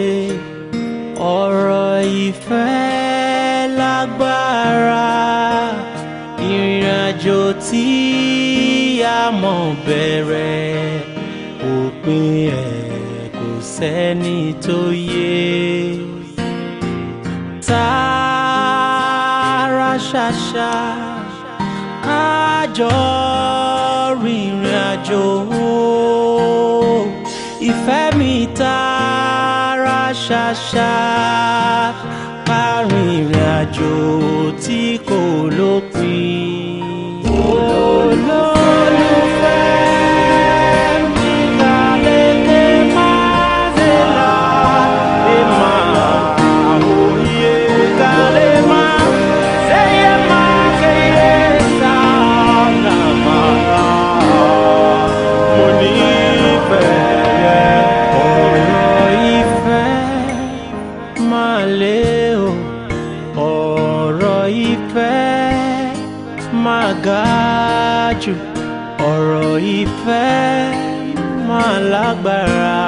S2: ọ̀rọ̀ ìfẹ́ lágbára ìrìn àjò tí a mọ̀ bẹ̀rẹ̀ òpin ẹ̀ kò sẹ́ni tó yé tààrà ṣàṣà kájọ rìnrìn àjò. chá, lágbára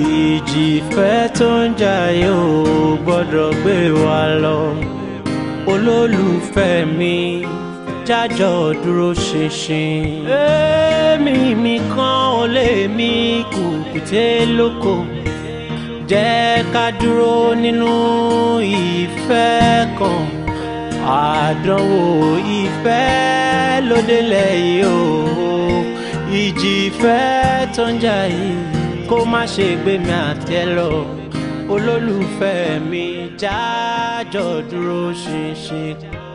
S2: ìjìfẹ́ tó ń jayé ò gbọ́dọ̀ gbé wa lọ olólùfẹ́ mi jájọ dúró ṣinṣin. èmi nìkan ò lè mí kùkùté lóko jẹ́ ká dúró nínú ìfẹ́ kan àdánwò ìfẹ́ lódélẹ̀ yìí o ìjì ìfẹ́ tó ń jà yìí kó má ṣe gbé mi àtẹ lọ olólùfẹ́ mi jájọ dúró ṣinṣin.